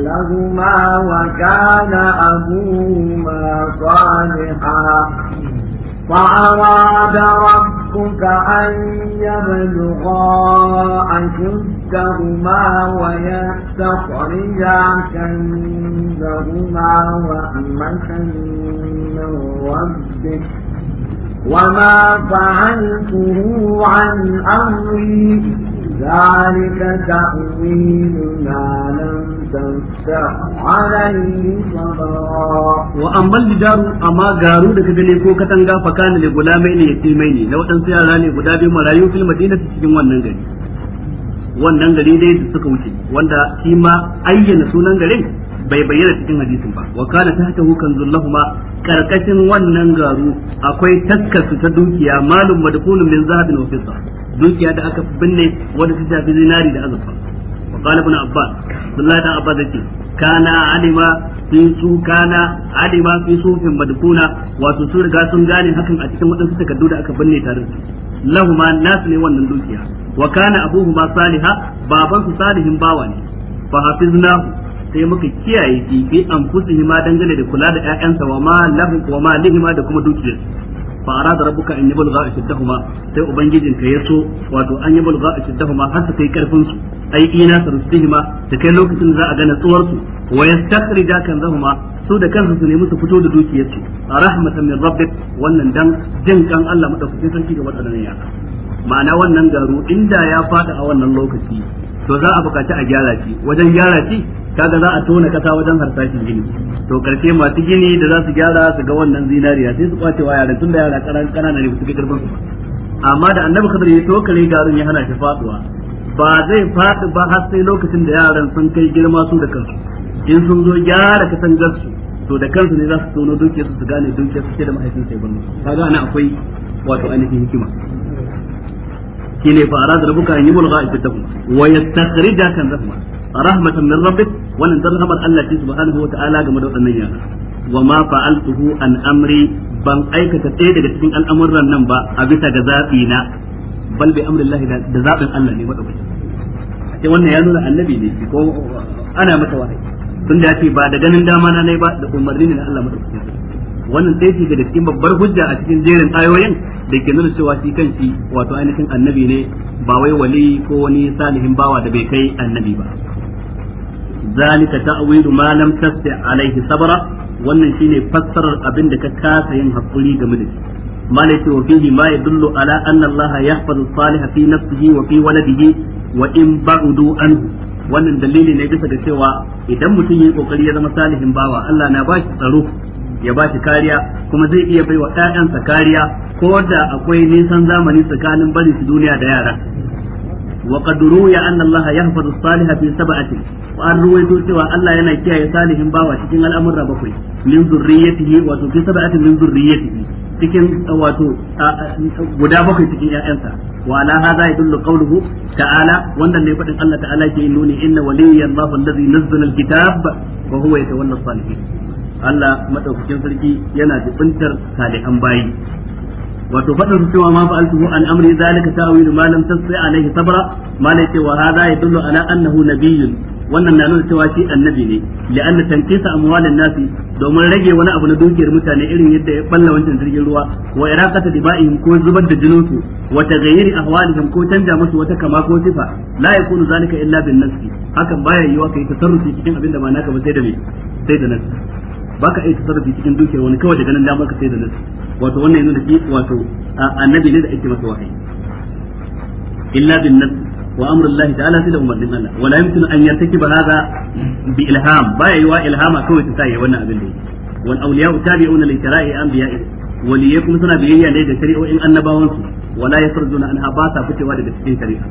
لهما وكان أبوهما صالحا فأراد ربك أن يبلغا أشدهما ويستخرجا كنزهما رحمة من ربك وما فعلته عن أمري ذلك تأويل ما لم wa amman Daru amma garu da ka gane ko katanga fakana ne gulamai ne yace mai ne na waɗansu yara ne guda biyu marayu fil madina cikin wannan gari wannan gari dai da suka wuce wanda shi ma ayyana sunan garin bai bayyana cikin hadisin ba wa kana tahtahu kanzul lahumu karkashin wannan garu akwai takkasu ta dukiya malum madkulun min zahabin wa fidda dukiya da aka binne wanda ta shafi zinari da azurfa qala ibn abbas abdullahi dan abbas yake kana alima fi su kana alima fi sufin madkuna wato sun riga sun gane hakan a cikin wadansu takardu da aka binne tare da lahuma nasu ne wannan dukiya wa kana abuhuma saliha baban su salihin bawa ne fa hafiznahu sai muka kiyaye shi bi anfusihima dangane da kula da ƴaƴansa wa ma lahum wa ma lihima da kuma dukiyarsu fa arada rabbuka an yabluga ashaddahuma sai ubangijin ka yaso wato an yabluga ashaddahuma har su kai karfin su ai ina sarustihima da kai lokacin za a ga natsuwar su wa yastakhrija kanzahuma su da kansu su nemi su fito da dukiyar su rahmatan min rabbik wannan dan jin kan Allah madaukakin sarki ga wadannan yaka ma'ana wannan garu inda ya fada a wannan lokaci to za a bukaci a gyara shi wajen gyara shi kaga za a tona kasa wajen harsashin gini to karshe masu gini da za su gyara su ga wannan zinariya sai su kwace wa yaran tun da yara kanana ne su fi girman su amma da annabi khadir ya tokare garin ya hana shi faduwa ba zai fadi ba har sai lokacin da yaran sun kai girma su da kansu in sun zo gyara kasan su to da kansu ne za su tono dukiyar su su gane dukiyar su ke da mahaifin sai barno kaga ana akwai wato ainihin hikima shine fa arada rabbuka an yubulgha ittakum wa yastakhrija kan rahmatan min rabbik wannan zarhamar Allah ce subhanahu wataala game da wannan yara wa ma fa'altuhu an amri ban aikata ɗaya daga cikin al'amuran nan ba a bisa ga zaɓi na bal bi amrillahi da zaɓin Allah ne madaukakin sai wannan ya nuna annabi ne ko ana mata wahayi tun da ya ce ba da ganin dama na ne ba da umarni ne na Allah madaukakin wannan sai ce daga cikin babbar hujja a cikin jerin ayoyin da ke nuna cewa shi kanshi wato ainihin annabi ne ba wai wali ko wani salihin bawa da bai kai annabi ba zalika ta'wilu ma lam tasti alaihi sabra wannan shine fassarar abin da ka kasa yin hakuri game da shi malaka wa fihi ma yadullu ala anna Allah yahfazu salih fi nafsihi wa fi waladihi wa in ba'du anhu wannan dalili ne bisa ga cewa idan mutum yi kokari ya zama salihin bawa Allah na bashi tsaro ya ba shi kariya kuma zai iya baiwa ƴaƴansa kariya ko da akwai nisan zamani tsakanin barin su duniya da yara wa qad ya anna Allah yahfazu as-saliha fi sab'ati wa an ruwaito cewa Allah yana kiyaye salihin bawa cikin al'amurra bakwai min zurriyyatihi wa fi sab'ati min zurriyyatihi cikin wato guda bakwai cikin ƴaƴansa wa ala hadha yadullu qawluhu ta'ala wannan ne fadin Allah ta'ala ke nuni inna waliyya Allahu allazi nazzala alkitab wa huwa yatawalla salihin Allah madaukakin sarki yana jibintar salihan bayi wato fadin cewa ma fa'altuhu an amri zalika ta'wilu ma lam tasri alaihi sabra ma la ce wa hadha yadullu ala annahu nabiyyun wannan na nuna cewa shi annabi ne li'anna tankisa amwalin nasi domin rage wani abu na dukiyar mutane irin yadda ya balla wancan jirgin ruwa wa iraqata diba'ihim ko zubar da jininsu wa taghayyiri ahwalihim ko canja musu wata kama ko sifa la yakunu zalika illa bin nafsi hakan baya yiwa kai tasarrufi cikin abin da ma naka ba sai da me sai da nafsi Ba baka iya tasarrufi cikin dukiyar wani kawai daga nan damar ka sai da nasu wato wannan yanzu da shi wato annabi ne da ake masa wahayi illa bin nas wa amru Allah ta'ala sai da umarnin Allah wala yumkinu an yartakiba hadha bi ilham ba yayi wa ilhama kawai ta sai wannan abin da yake wal awliya tabi'una li tara'i anbiya'i waliyai kuma suna biyayya ne da shari'o'in annabawansu wala yasruduna anha ba sa fitewa daga cikin shari'a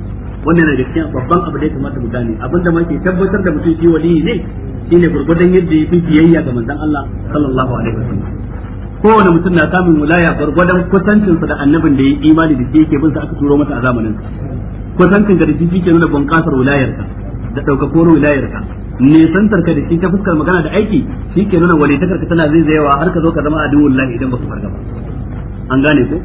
wannan ne da cikin babban abu da ya kamata mu gane abinda ke tabbatar da mutum shi waliyi ne shine gurgurdan yadda yake biyayya ga manzon Allah sallallahu alaihi wasallam kowane mutum na samun wilaya gurgurdan sa da annabin da ya yi imani da shi yake bin sa aka turo masa a zamanin sa kusancin ka da shi ke nuna bunƙasar wilayarka da ɗaukakon wilayarka nisantar tarka da shi ta fuskar magana da aiki shi ke nuna ka tana zai zayawa har ka zo ka zama adin wallahi idan ba ku farga ba an gane ko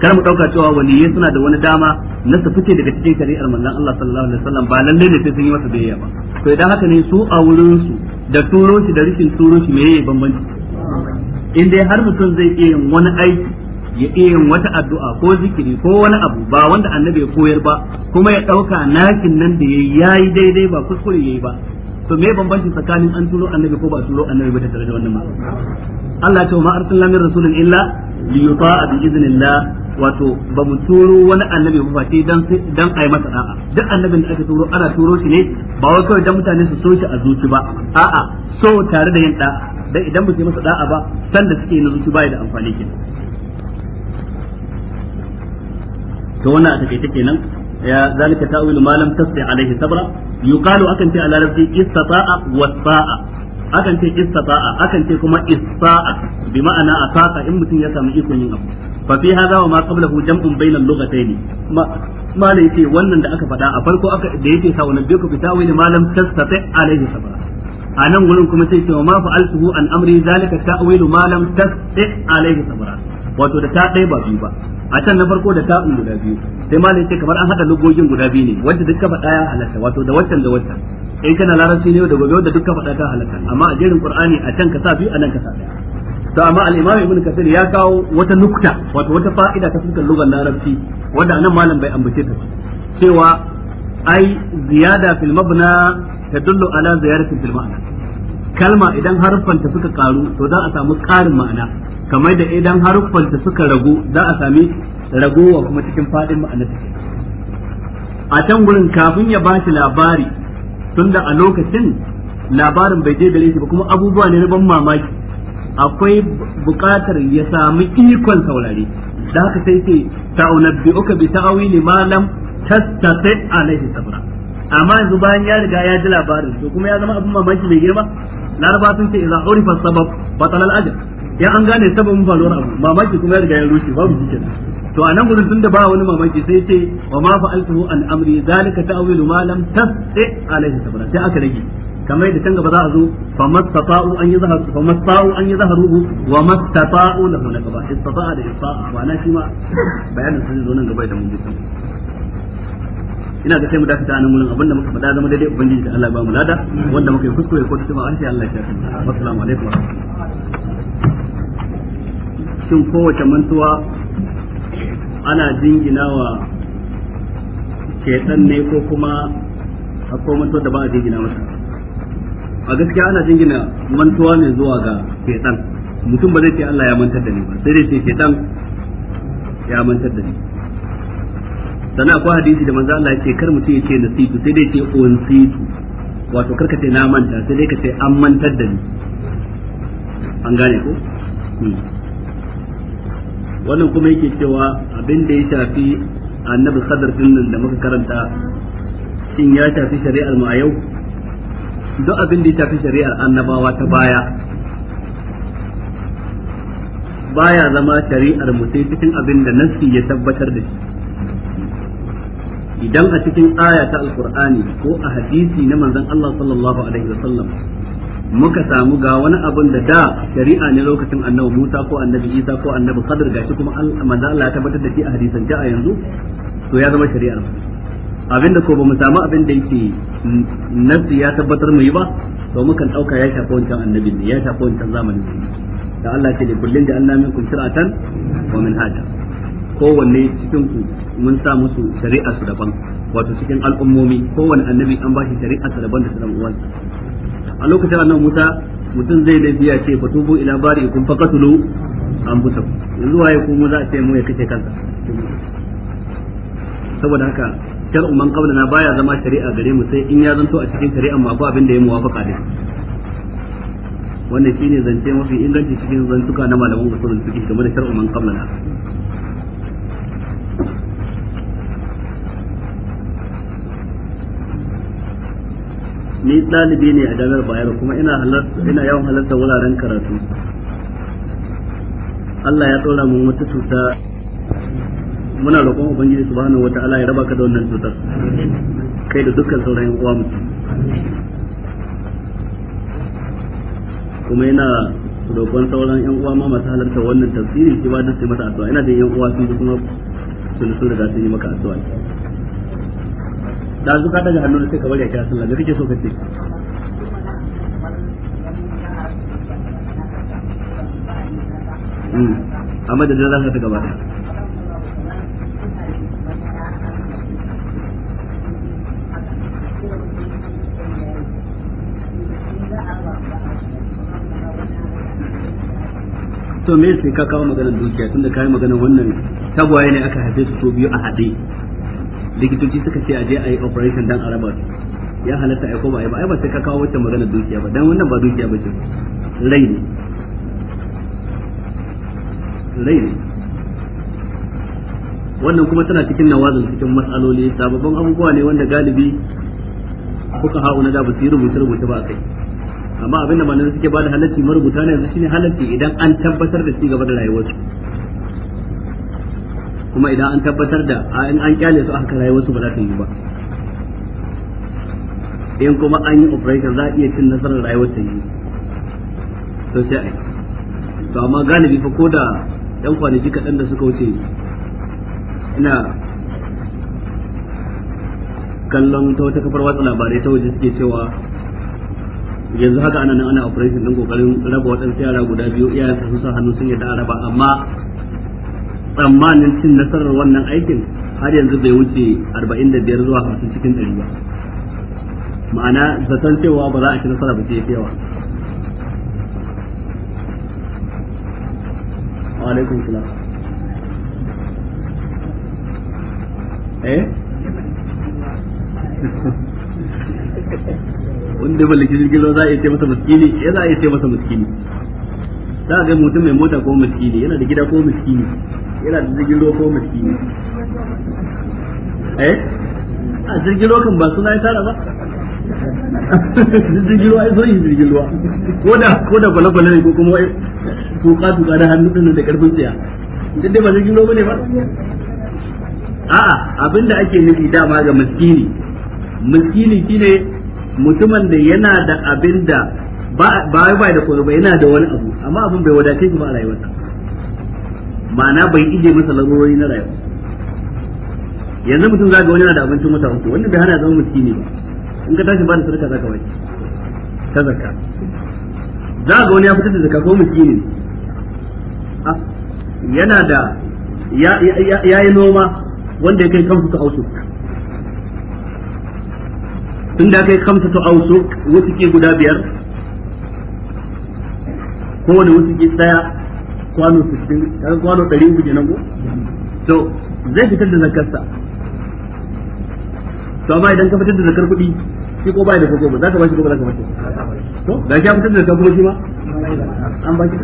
kar mu dauka cewa wani waliyai suna da wani dama na su fice daga cikin shari'ar manzon Allah sallallahu alaihi wasallam ba lalle ne sai sun yi masa biyayya ba to idan haka ne su a wurin su da turo shi da rikin turo shi meye bambanci in dai har mutum zai iya yin wani aiki ya iya yin wata addu'a ko zikiri ko wani abu ba wanda annabi ya koyar ba kuma ya dauka nakin nan da yayi yayi daidai ba kuskure yayi ba to me bambanci tsakanin an turo annabi ko ba turo annabi ba tare da wannan ma Allah ya ce ma arsalna min rasulin illa li yuta'a bi idnillah wato ba mu turo wani annabi ba face dan a yi masa da'a duk annabin da aka turo ana turo shi ne ba wai kawai dan mutane su so shi a zuci ba a'a so tare da yin da'a dan idan ba su masa da'a ba san da suke na zuci bai da amfani ke to wannan a take nan ya zalika ta'wilu ma lam tasbi alaihi sabra yuqalu akan ta ala rabbi istata'a wasa'a akan ce istata'a akan ce kuma isa'a bi ma'ana asaka in mutum ya samu ikon yin abu fa fi hadha wa ma qablahu jam'un bayna al-lughatayn ma da wannan da aka faɗa a farko aka da yake sa wannan bai ku fita wani malam tastati alaihi sabra a nan gurin kuma sai ce wa ma an amri zalika wato da ta ɗaya ba biyu ba a can na farko da ta'un guda biyu sai ma ce kamar an haɗa lugogin guda biyu ne wanda duk faɗa ya halatta wato da wancan da in kana larabci ne da gobe da duk faɗa ta halatta amma a jerin qur'ani a can ka sa biyu a nan ka sa ɗaya to amma al-imam ibn kasir ya kawo wata nukta wato wata fa'ida ta fuskar lugar larabci wanda nan malam bai ambace ta cewa ai ziyada fil mabna tadullu ala ziyaratin fil ma'na kalma idan harfanta suka karu to za a samu karin ma'ana kamar da idan harfanta suka ragu za a sami ragowa kuma cikin fadin ma'anar a can gurin kafin ya bashi labari tunda a lokacin labarin bai je gare shi ba kuma abubuwa ne na ban mamaki akwai buƙatar ya samu ikon saurare da haka sai ce ta'unabbi'uka bi ta'awili ma lam tastati alaihi sabra amma yanzu bayan ya riga ya ji labarin to kuma ya zama abin mamaki mai girma laraba sun ce idza urifa sabab batal al ajr ya an gane sababin faruwar abu mamaki kuma ya riga ya rushe babu shi to a nan gudun da ba wani mamaki sai ce wa ma fa'altuhu an amri zalika ta'wilu malam lam tastati alaihi sabra sai aka rage kamar da tanga ba za a zo fa mastata'u an yuzharu fa mastata'u an yi yuzharu wa mastata'u lahu na gaba istata'a da istata'a ba na shi ma bayanin sun zo nan gaba da mun bisan ina ga sai mu dakata nan mun abinda muka faɗa zama daidai ubangiji da Allah ba mu lada wanda muka yi kuskure ko tuma an sai Allah ya tafi assalamu alaikum wa rahmatullahi shin kowace mantuwa ana jinginawa shaitan ne ko kuma akwai mantuwa da ba a jingina masa a gaskiya ana jingina mantuwa ne zuwa ga shaitan mutum ba zai ce Allah ya mantar da ni ba sai dai ce shaitan ya mantar da ni sana akwai hadisi da manzo Allah ya ce kar mutum ya ce nasitu sai dai ce unsitu wato karka ce na manta sai dai ka ce an mantar da ni an gane ko hmm. wannan kuma yake cewa abin da ya shafi annabi sadar din nan da muka karanta shin ya shafi shari'ar mu a yau duk abin da ya tafi shari'ar annabawa ta baya baya zama shari'ar mu cikin abin da nassi ya tabbatar da shi idan a cikin aya ta alkur'ani ko a hadisi na manzon Allah sallallahu alaihi wasallam muka samu ga wani abin da da shari'a ne lokacin annabi Musa ko annabi Isa ko annabi Khadir gashi kuma manzon Allah ya tabbatar da shi a hadisan ta a yanzu to ya zama shari'ar abinda ko ba mu samu abin da yake nasi ya tabbatar mu yi ba to kan dauka ya shafa wancan annabi ne ya shafa wancan zamanin ne da Allah ce da kullun da Allah min kun shir'atan wa min hada kowanne cikin ku mun sa musu shari'a su daban wato cikin al'ummomi kowanne annabi an ba shi shari'a su daban da su dan a lokacin annabi Musa mutum zai da biya ce tubu ila bari kun faqatulu an buta yanzu waye kuma za a ce mu ya kace kansa saboda haka shar'u man na baya zama shari'a gare mu sai in ya zanto a cikin shari'a ma ba abin da ya muwafaqa da wannan shine zance mafi inganci cikin zantuka na malaman usulun fiqh game da shar'u man na. ni ɗalibi ne a jami'ar bayar kuma ina ina yawan halarta wuraren karatu Allah ya ɗora mun wata cuta muna roƙon ubangiji subhanahu wataala ya raba ka da wannan cutar kai da dukkan sauran uwa mutum kuma yana roƙon sauran yan uwa ma masu halarta wannan tafsiri shi ba dace sai masa addu'a ina da yan uwa sun kuma sun sun riga sun yi maka addu'a da ka daga hannun sai ka bari ya kira sallah da kake so ka ce hmm. a madadin za ka ta gaba to me sai ka kawo maganar dukiya tunda kai maganar wannan tagwaye ne aka haife su so biyu a haɗe likitoci suka ce a je a yi operation dan araba ya halatta ai ko ba ai ba ai ba sai ka kawo wata maganar dukiya ba dan wannan ba dukiya ba ce rai ne rai ne wannan kuma tana cikin nawazin cikin matsaloli sababbin abubuwa ne wanda galibi kuka ha'u na da ba su yi rubuce-rubuce ba a kai amma abinda malamai suke bada halacci marubuta ne yanzu shine halacci idan an tabbatar da ci gaba da rayuwarsu kuma idan an tabbatar da in an kyale su aka rayuwarsu ba za ta yi ba in kuma an yi operation za a iya cin nasarar rayuwar ta yi to sai ai to amma galibi fa koda yan kwanaki kaɗan da suka wuce ina kallon ta wata kafar watsa labarai ta waje suke cewa yanzu haka ana nan ana operation din kokarin raba waɗansu yara guda biyu iyayen sun sa hannu sun yadda raba amma tsammanin cin nasarar wannan aikin har yanzu bai wuce 45 zuwa 50 cikin 100 ba ma'ana zaton cewa ba za a ci nasara ba ce yawa alaikum salam eh wanda ya mallaki jirgin ruwa za a iya ce masa miskini ya za a iya ce masa miskini za a ga mutum mai mota ko miskini yana da gida ko miskini yana da jirgin ruwa ko miskini eh a jirgin ruwa kan ba suna ya tara ba jirgin ruwa ya zo yi jirgin ruwa ko da ko da gwale-gwale ne ko kuma tuka tuka da hannu din da karfin tsaya duk dai ba jirgin ruwa ne ba a'a abinda ake nufi dama ga miskini miskini shine mutumin da yana da abin da ba ba da kuma ba yana da wani abu amma abin bai wadace shi ba a rayuwarsa ma'ana bai ije masa larurori na rayuwa yanzu mutum ga wani yana da abincin wata uku wanda bai hana zama miskini ba in ka tashi ba da sadaka zaka wani ta zakka za ga wani ya fitar da zakka ko miskini ah, yana da ya yi noma wanda ya kai kan fuka ausu tun da kai kamsatu wasu ke guda biyar kowane ke tsaya kwano 60 kaga kwano 300 kenan ko to zai fitar da zakarsa to amma idan ka fitar da zakar kuɗi shi ko bai da koko ba za ka bashi ko ba za ka bashi to da shi fitar da zakar kuma shi ma an bashi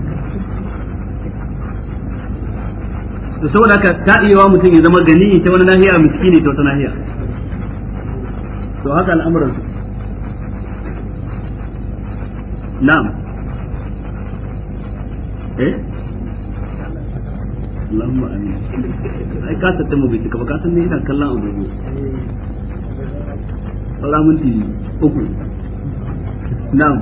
to saboda ka ta iya wa mutum ya zama gani ta wani nahiya miskini ta wata nahiya to haka al'amuran su na'am eh lamma amin ai ka ta mu bai ba ka san ne ina kallon agogo saura minti uku na'am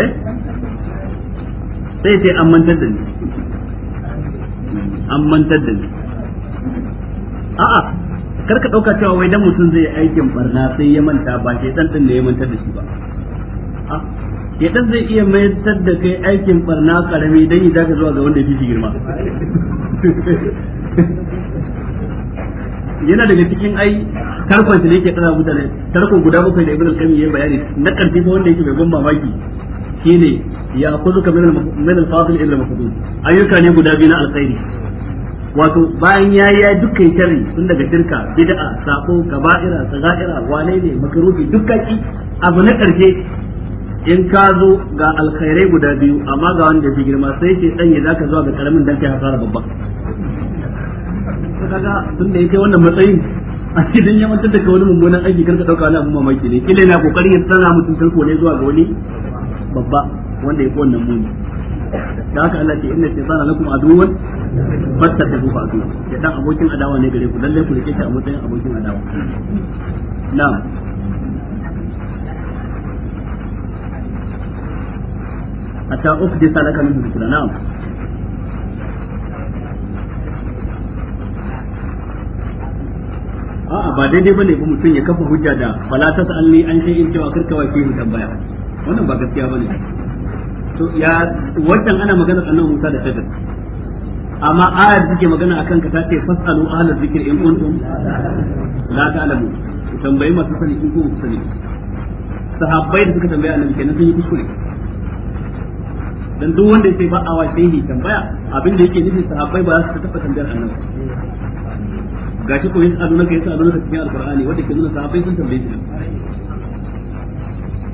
eh sai sai an mantar da ni an mantar da ni a'a karka dauka cewa wai dan mutum zai aikin barna sai ya manta ba sai dan din da ya mantar da shi ba a ke dan zai iya mantar da kai aikin barna karami dan ya zaka zuwa ga wanda yake girma yana daga cikin ai tarkon shi ne yake tsara mutane tarkon guda bakwai da ibn al-qayyim ya bayani na karfi ba wanda yake bai ban maki shine ya akuzuka min al-fadil ila al-mafdud ayyuka ne guda biyu na alkhairi wato bayan ya yi dukkan sharri tun daga shirka bid'a sako kaba'ira sagaira wane ne makarufi dukkaki abu na karshe in ka zo ga alkhairai guda biyu amma ga wanda fi girma sai ce tsanye za zaka zuwa ga karamin dan kai hasara babba kaga tun da yake wannan matsayin a cikin ya da ka wani mummunan aiki karka dauka wani abu mamaki ne kila na kokarin ya tsana mutum tarko ne zuwa ga wani babba wanda ya wannan muni da haka Allah ce inna sana lakum aduwwan fattabi'u aduwwa ya dan abokin adawa ne gare ku lalle ku rike shi a matsayin abokin adawa na'am hatta sa laka min dhikra na'am a'a ba daidai bane ba mutum ya kafa hujja da an tasalni an in cewa karkawa ke mu tambaya wannan ba gaskiya bane to ya wannan ana magana sannan Musa da Khidir amma ayar take magana akan ka ta ce fasalu ahlal zikr in kuntum la ta'lamu tambayi masu sani in ku sani sahabbai da suka tambaya annabi kenan sun yi kuskure dan duk wanda yake ba a sai ne tambaya abin da yake nufin sahabbai ba za su taɓa tambayar annabi gashi ko yasa aduna ka sa aduna ka cikin alqur'ani wanda ke nuna sahabbai sun tambaye shi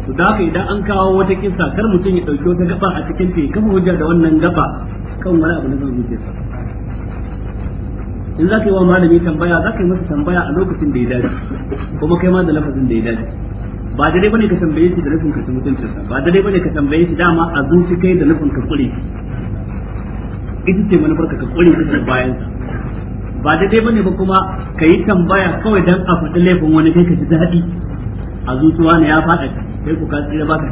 to da haka idan an kawo wata kisa kar mutum ya dauki wata gaba a cikin ta kafa hujja da wannan gaba kan wani abu na zan sa. in za ka yi wa malami tambaya za ka yi masa tambaya a lokacin da ya dace kuma kai ma da lafazin da ya dace ba daidai bane ka tambaye shi da nufin ka mutuncin sa ba daidai bane ka tambaye shi dama a zuci kai da nufin ka kure ita ce manufar ka kure ka bayan sa ba daidai bane ba kuma ka yi tambaya kawai dan a faɗi laifin wani kai ka ji daɗi a zuciwa ne ya faɗa kai ku ka tsira ba ka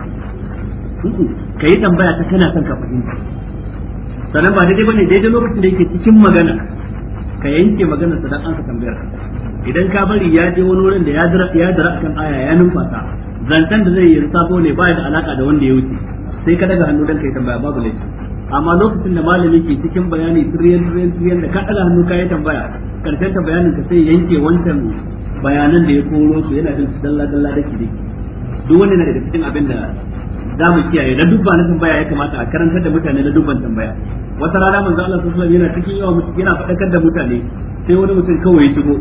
ka yi tambaya ta kana son ka fahimta sannan ba daidai bane daidai lokacin da yake cikin magana ka yanke magana sa dan an ka tambayar idan ka bari ya je wani wurin da ya dira ya dira akan aya ya numfasa zantan da zai yi sabo ne ba da alaka da wanda ya wuce sai ka daga hannu dan kai tambaya babu laifi amma lokacin da malami ke cikin bayani tiriyan tiriyan tiriyan da ka daga hannu ka yi tambaya karshen ta bayanin ka sai yanke wancan bayanan da ya koro su yana jin dalla dalla dake dake duk wannan na daga cikin abin da za mu kiyaye na dubba na tambaya ya kamata a karantar da mutane na dubban tambaya wata rana manzo Allah sallallahu alaihi yana cikin yawa mutum yana fadakar da mutane sai wani mutum kawai ya shigo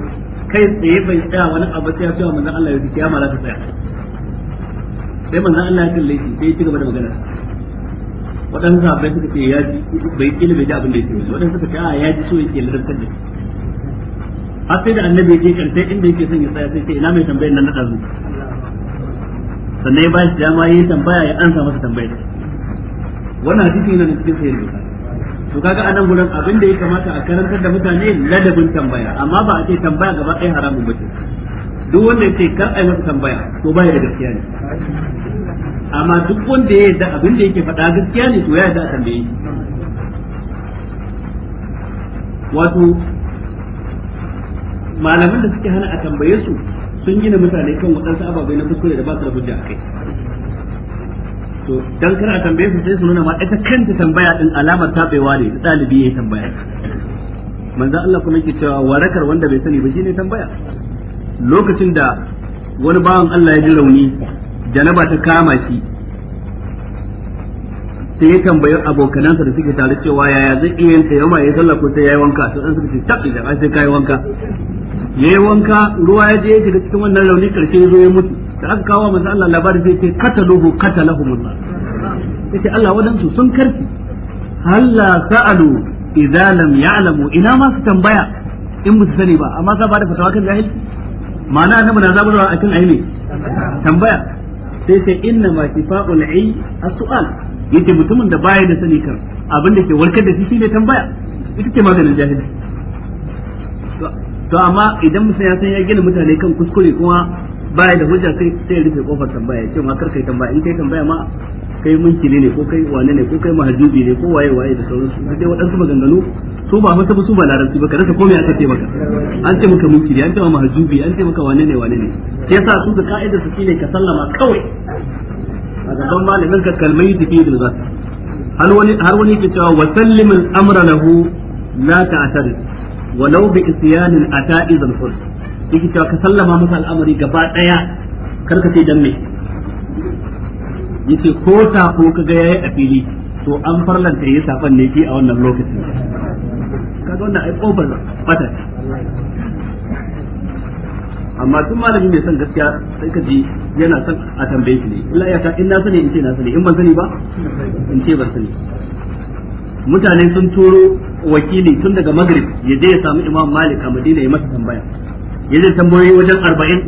kai tsaye bai tsaya wani abu sai ya ce manzo Allah ya ji kiyama za ta tsaya sai manzo Allah ya kalle shi sai ya ci gaba da magana wadansu sahabbai suka ce ya ji bai kila bai ji abin da ya ce wadansu suka ce a ya ji so yake lantar da har sai da annabi ya ke kan sai inda yake son ya tsaya sai ce ina mai tambayar nan na ɗazu sannan ya ba shi dama yi tambaya ya ansa masa tambayar wannan hadisi yana da cikin sayar bukari to kaga anan gurin abin da ya kamata a karantar da mutane ladabin tambaya amma ba a ce tambaya gaba ɗaya haramun ba duk wanda ya ce kar ai masa tambaya to ba da gaskiya ne amma duk wanda ya yarda abin da yake faɗa gaskiya ne to ya yarda a tambaye wato malaman da suke hana a tambaye su sun gina mutane kan waɗansu ababai na kuskure da ba su da hujja kai to dan kana tambaye su sai su nuna ma ita kanta tambaya din alamar tabewa ne ɗalibi yayin tambaya manzo Allah kuma yake cewa warakar wanda bai sani ba shine tambaya lokacin da wani bawan Allah ya ji rauni janaba ta kama shi sai ya tambayi abokanansa da suke tare cewa yaya zai iya yin tayyama ya sallah ko sai yayi wanka sai an suka ce tabi da sai kai wanka yayi wanka ruwa ya je ya shiga cikin wannan rauni karshe ya zo ya mutu da aka kawo masa Allah labarin sai ce qataluhu mun musa yace Allah wadansu sun karfi halla sa'alu idza lam ya'lamu ina ma su tambaya in ba sani ba amma za ba da fatawa kan jahilci ma'ana annabi na da akan aini tambaya sai sai inna ma shifa'ul ilmi as-su'al yace mutumin da baya da sani kan abin da ke warkar da shi shine tambaya ita ce maganin jahili to amma idan mutum ya san ya gina mutane kan kuskure kuma baya da hujja kai sai ya rufe kofar tambaya ce ma karkai kai tambaya in kai tambaya ma kai munkili ne ko kai wane ne ko kai mahajubi ne ko waye waye da sauransu har dai waɗansu maganganu su ba mata su ba larabci ba kada ta komai aka ce maka an ce maka munkili an ce maka mahajubi an ce maka wane ne wane ne ke yasa su da ka'idar su shine ka sallama kawai a gaban malamin ka kalmai take da zaka har wani har wani ke cewa wa sallimin amra lahu la ta'tadi ولو bi isyanin ata izal hur ka sallama masa al'amari gaba daya kar ka ce dan me yace ko ta ko kaga yayi a fili to an farlanta yayi safan ne ki a wannan lokacin amma duk malami mai son gaskiya sai ka ji yana son a tambaye shi ne illa ya ka in na sani in ce na sani in ban sani ba in ce ban sani mutane sun turo wakili tun daga magrib ya je ya samu imam malik a madina ya masa tambaya ya je tambayoyi wajen arba'in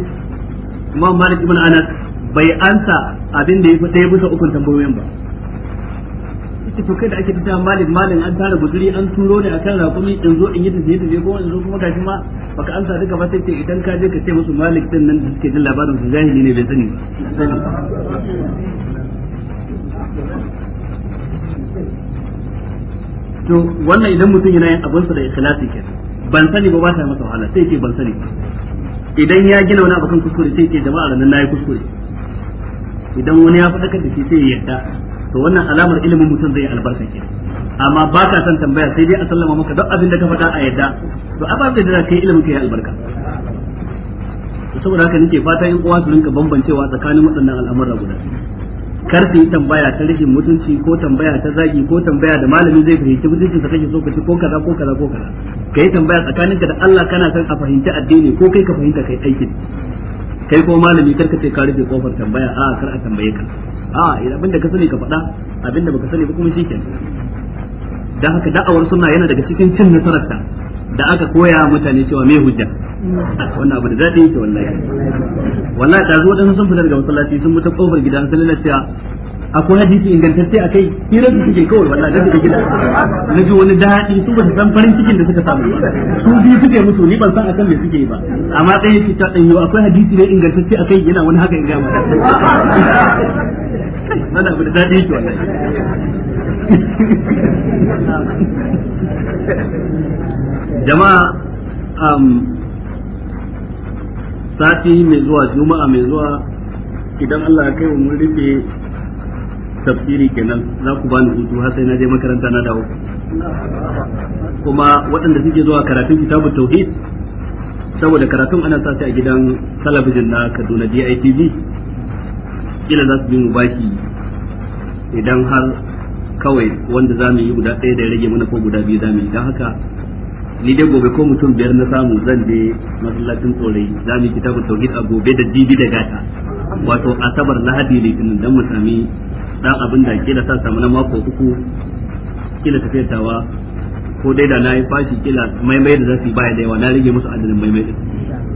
imam malik ibn anas bai ansa abin da ya fi ɗaya bisa ukun tambayoyin ba ita to kai da ake tafiya malik Malik an tara guduri an turo ne akan rakumi in zo in yi tafiye tafiye ko in zo kuma gashi ma baka ansa duka ba sai ce idan ka je ka ce musu malik din nan da suke jin labarin su jahili ne bai sani to wannan idan mutum yana yin abinsa da ikhlasi kenan ban sani ba ba ta masa wahala sai ce ban sani idan ya gina wani abu kan kuskure sai ce jama'a ranar nayi kuskure idan wani ya faɗakar da shi sai ya yarda to wannan alamar ilimin mutum zai albarka ke. amma ba ka son tambaya sai dai a sallama maka duk abin da ka faɗa a yarda to a ba da kai ilimin ka ya albarka saboda haka nake fata yan uwa su rinka bambancewa tsakanin waɗannan al'amuran guda kar ta yi tambaya ta rashin mutunci ko tambaya ta zagi ko tambaya da malami zai fahimci mutuncin sa kake so ka ci ko kaza ko kaza ko kaza kai tambaya tsakaninka da Allah kana son a fahimci addini ko kai ka fahimta kai aikin kai ko malami kar ka ce ka rufe kofar tambaya a kar a tambaye ka a idan abinda ka sani ka faɗa abinda baka sani ba kuma ke dan haka da'awar sunna yana daga cikin cin nasararta da aka koya mutane cewa me hujja wannan abu da zaɗi yake wallahi wallahi ta zo dan sun fita daga masallaci sun mutu kofar gida sun lalace akwai hadisi ingantacce a kai hira su suke kawai wallahi da suke gida na ji wani daɗi su ba su san farin cikin da suka samu ba su biyu suke musu ni ban san a kan me suke yi ba amma ɗaya yake ta ɗanyo akwai hadisi ne ingantacce a kai yana wani haka in ga mata wannan abu da daɗi yake wallahi jama'a um, sati mai zuwa juma'a mai zuwa idan Allah ya kai mu mun rufe tafsiri kenan za ku bani hutu har sai na je makaranta na dawo kuma waɗanda suke zuwa karatun kitabu tauhid saboda karatun ana sa a gidan talabijin na Kaduna DITV kila za su bi mu baki idan har kawai wanda za mu yi guda ɗaya da ya rage mana ko guda biyu za mu yi don haka ni dai gobe ko mutum biyar na samu zan je masallacin tsorai za mu yi kitabu tauhid a gobe da jibi da gata wato asabar lahadi tun dan mu sami dan abin da kila sa samu na mako uku kila tafiyartawa ko dai da nayi fashi kila mai da zasu bayar da yawa na rige musu adadin mai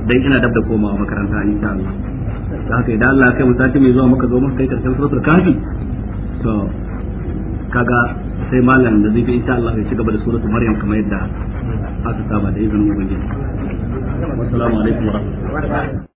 dan ina dab da komawa makaranta insha Allah da haka idan Allah kai mu mai zuwa maka zo maka kai karshen suratul kafi to kaga sai malam da zai fi insha Allah ya ci gaba da suratul maryam kamar yadda aka saba da izinin ubangiji assalamu alaikum warahmatullahi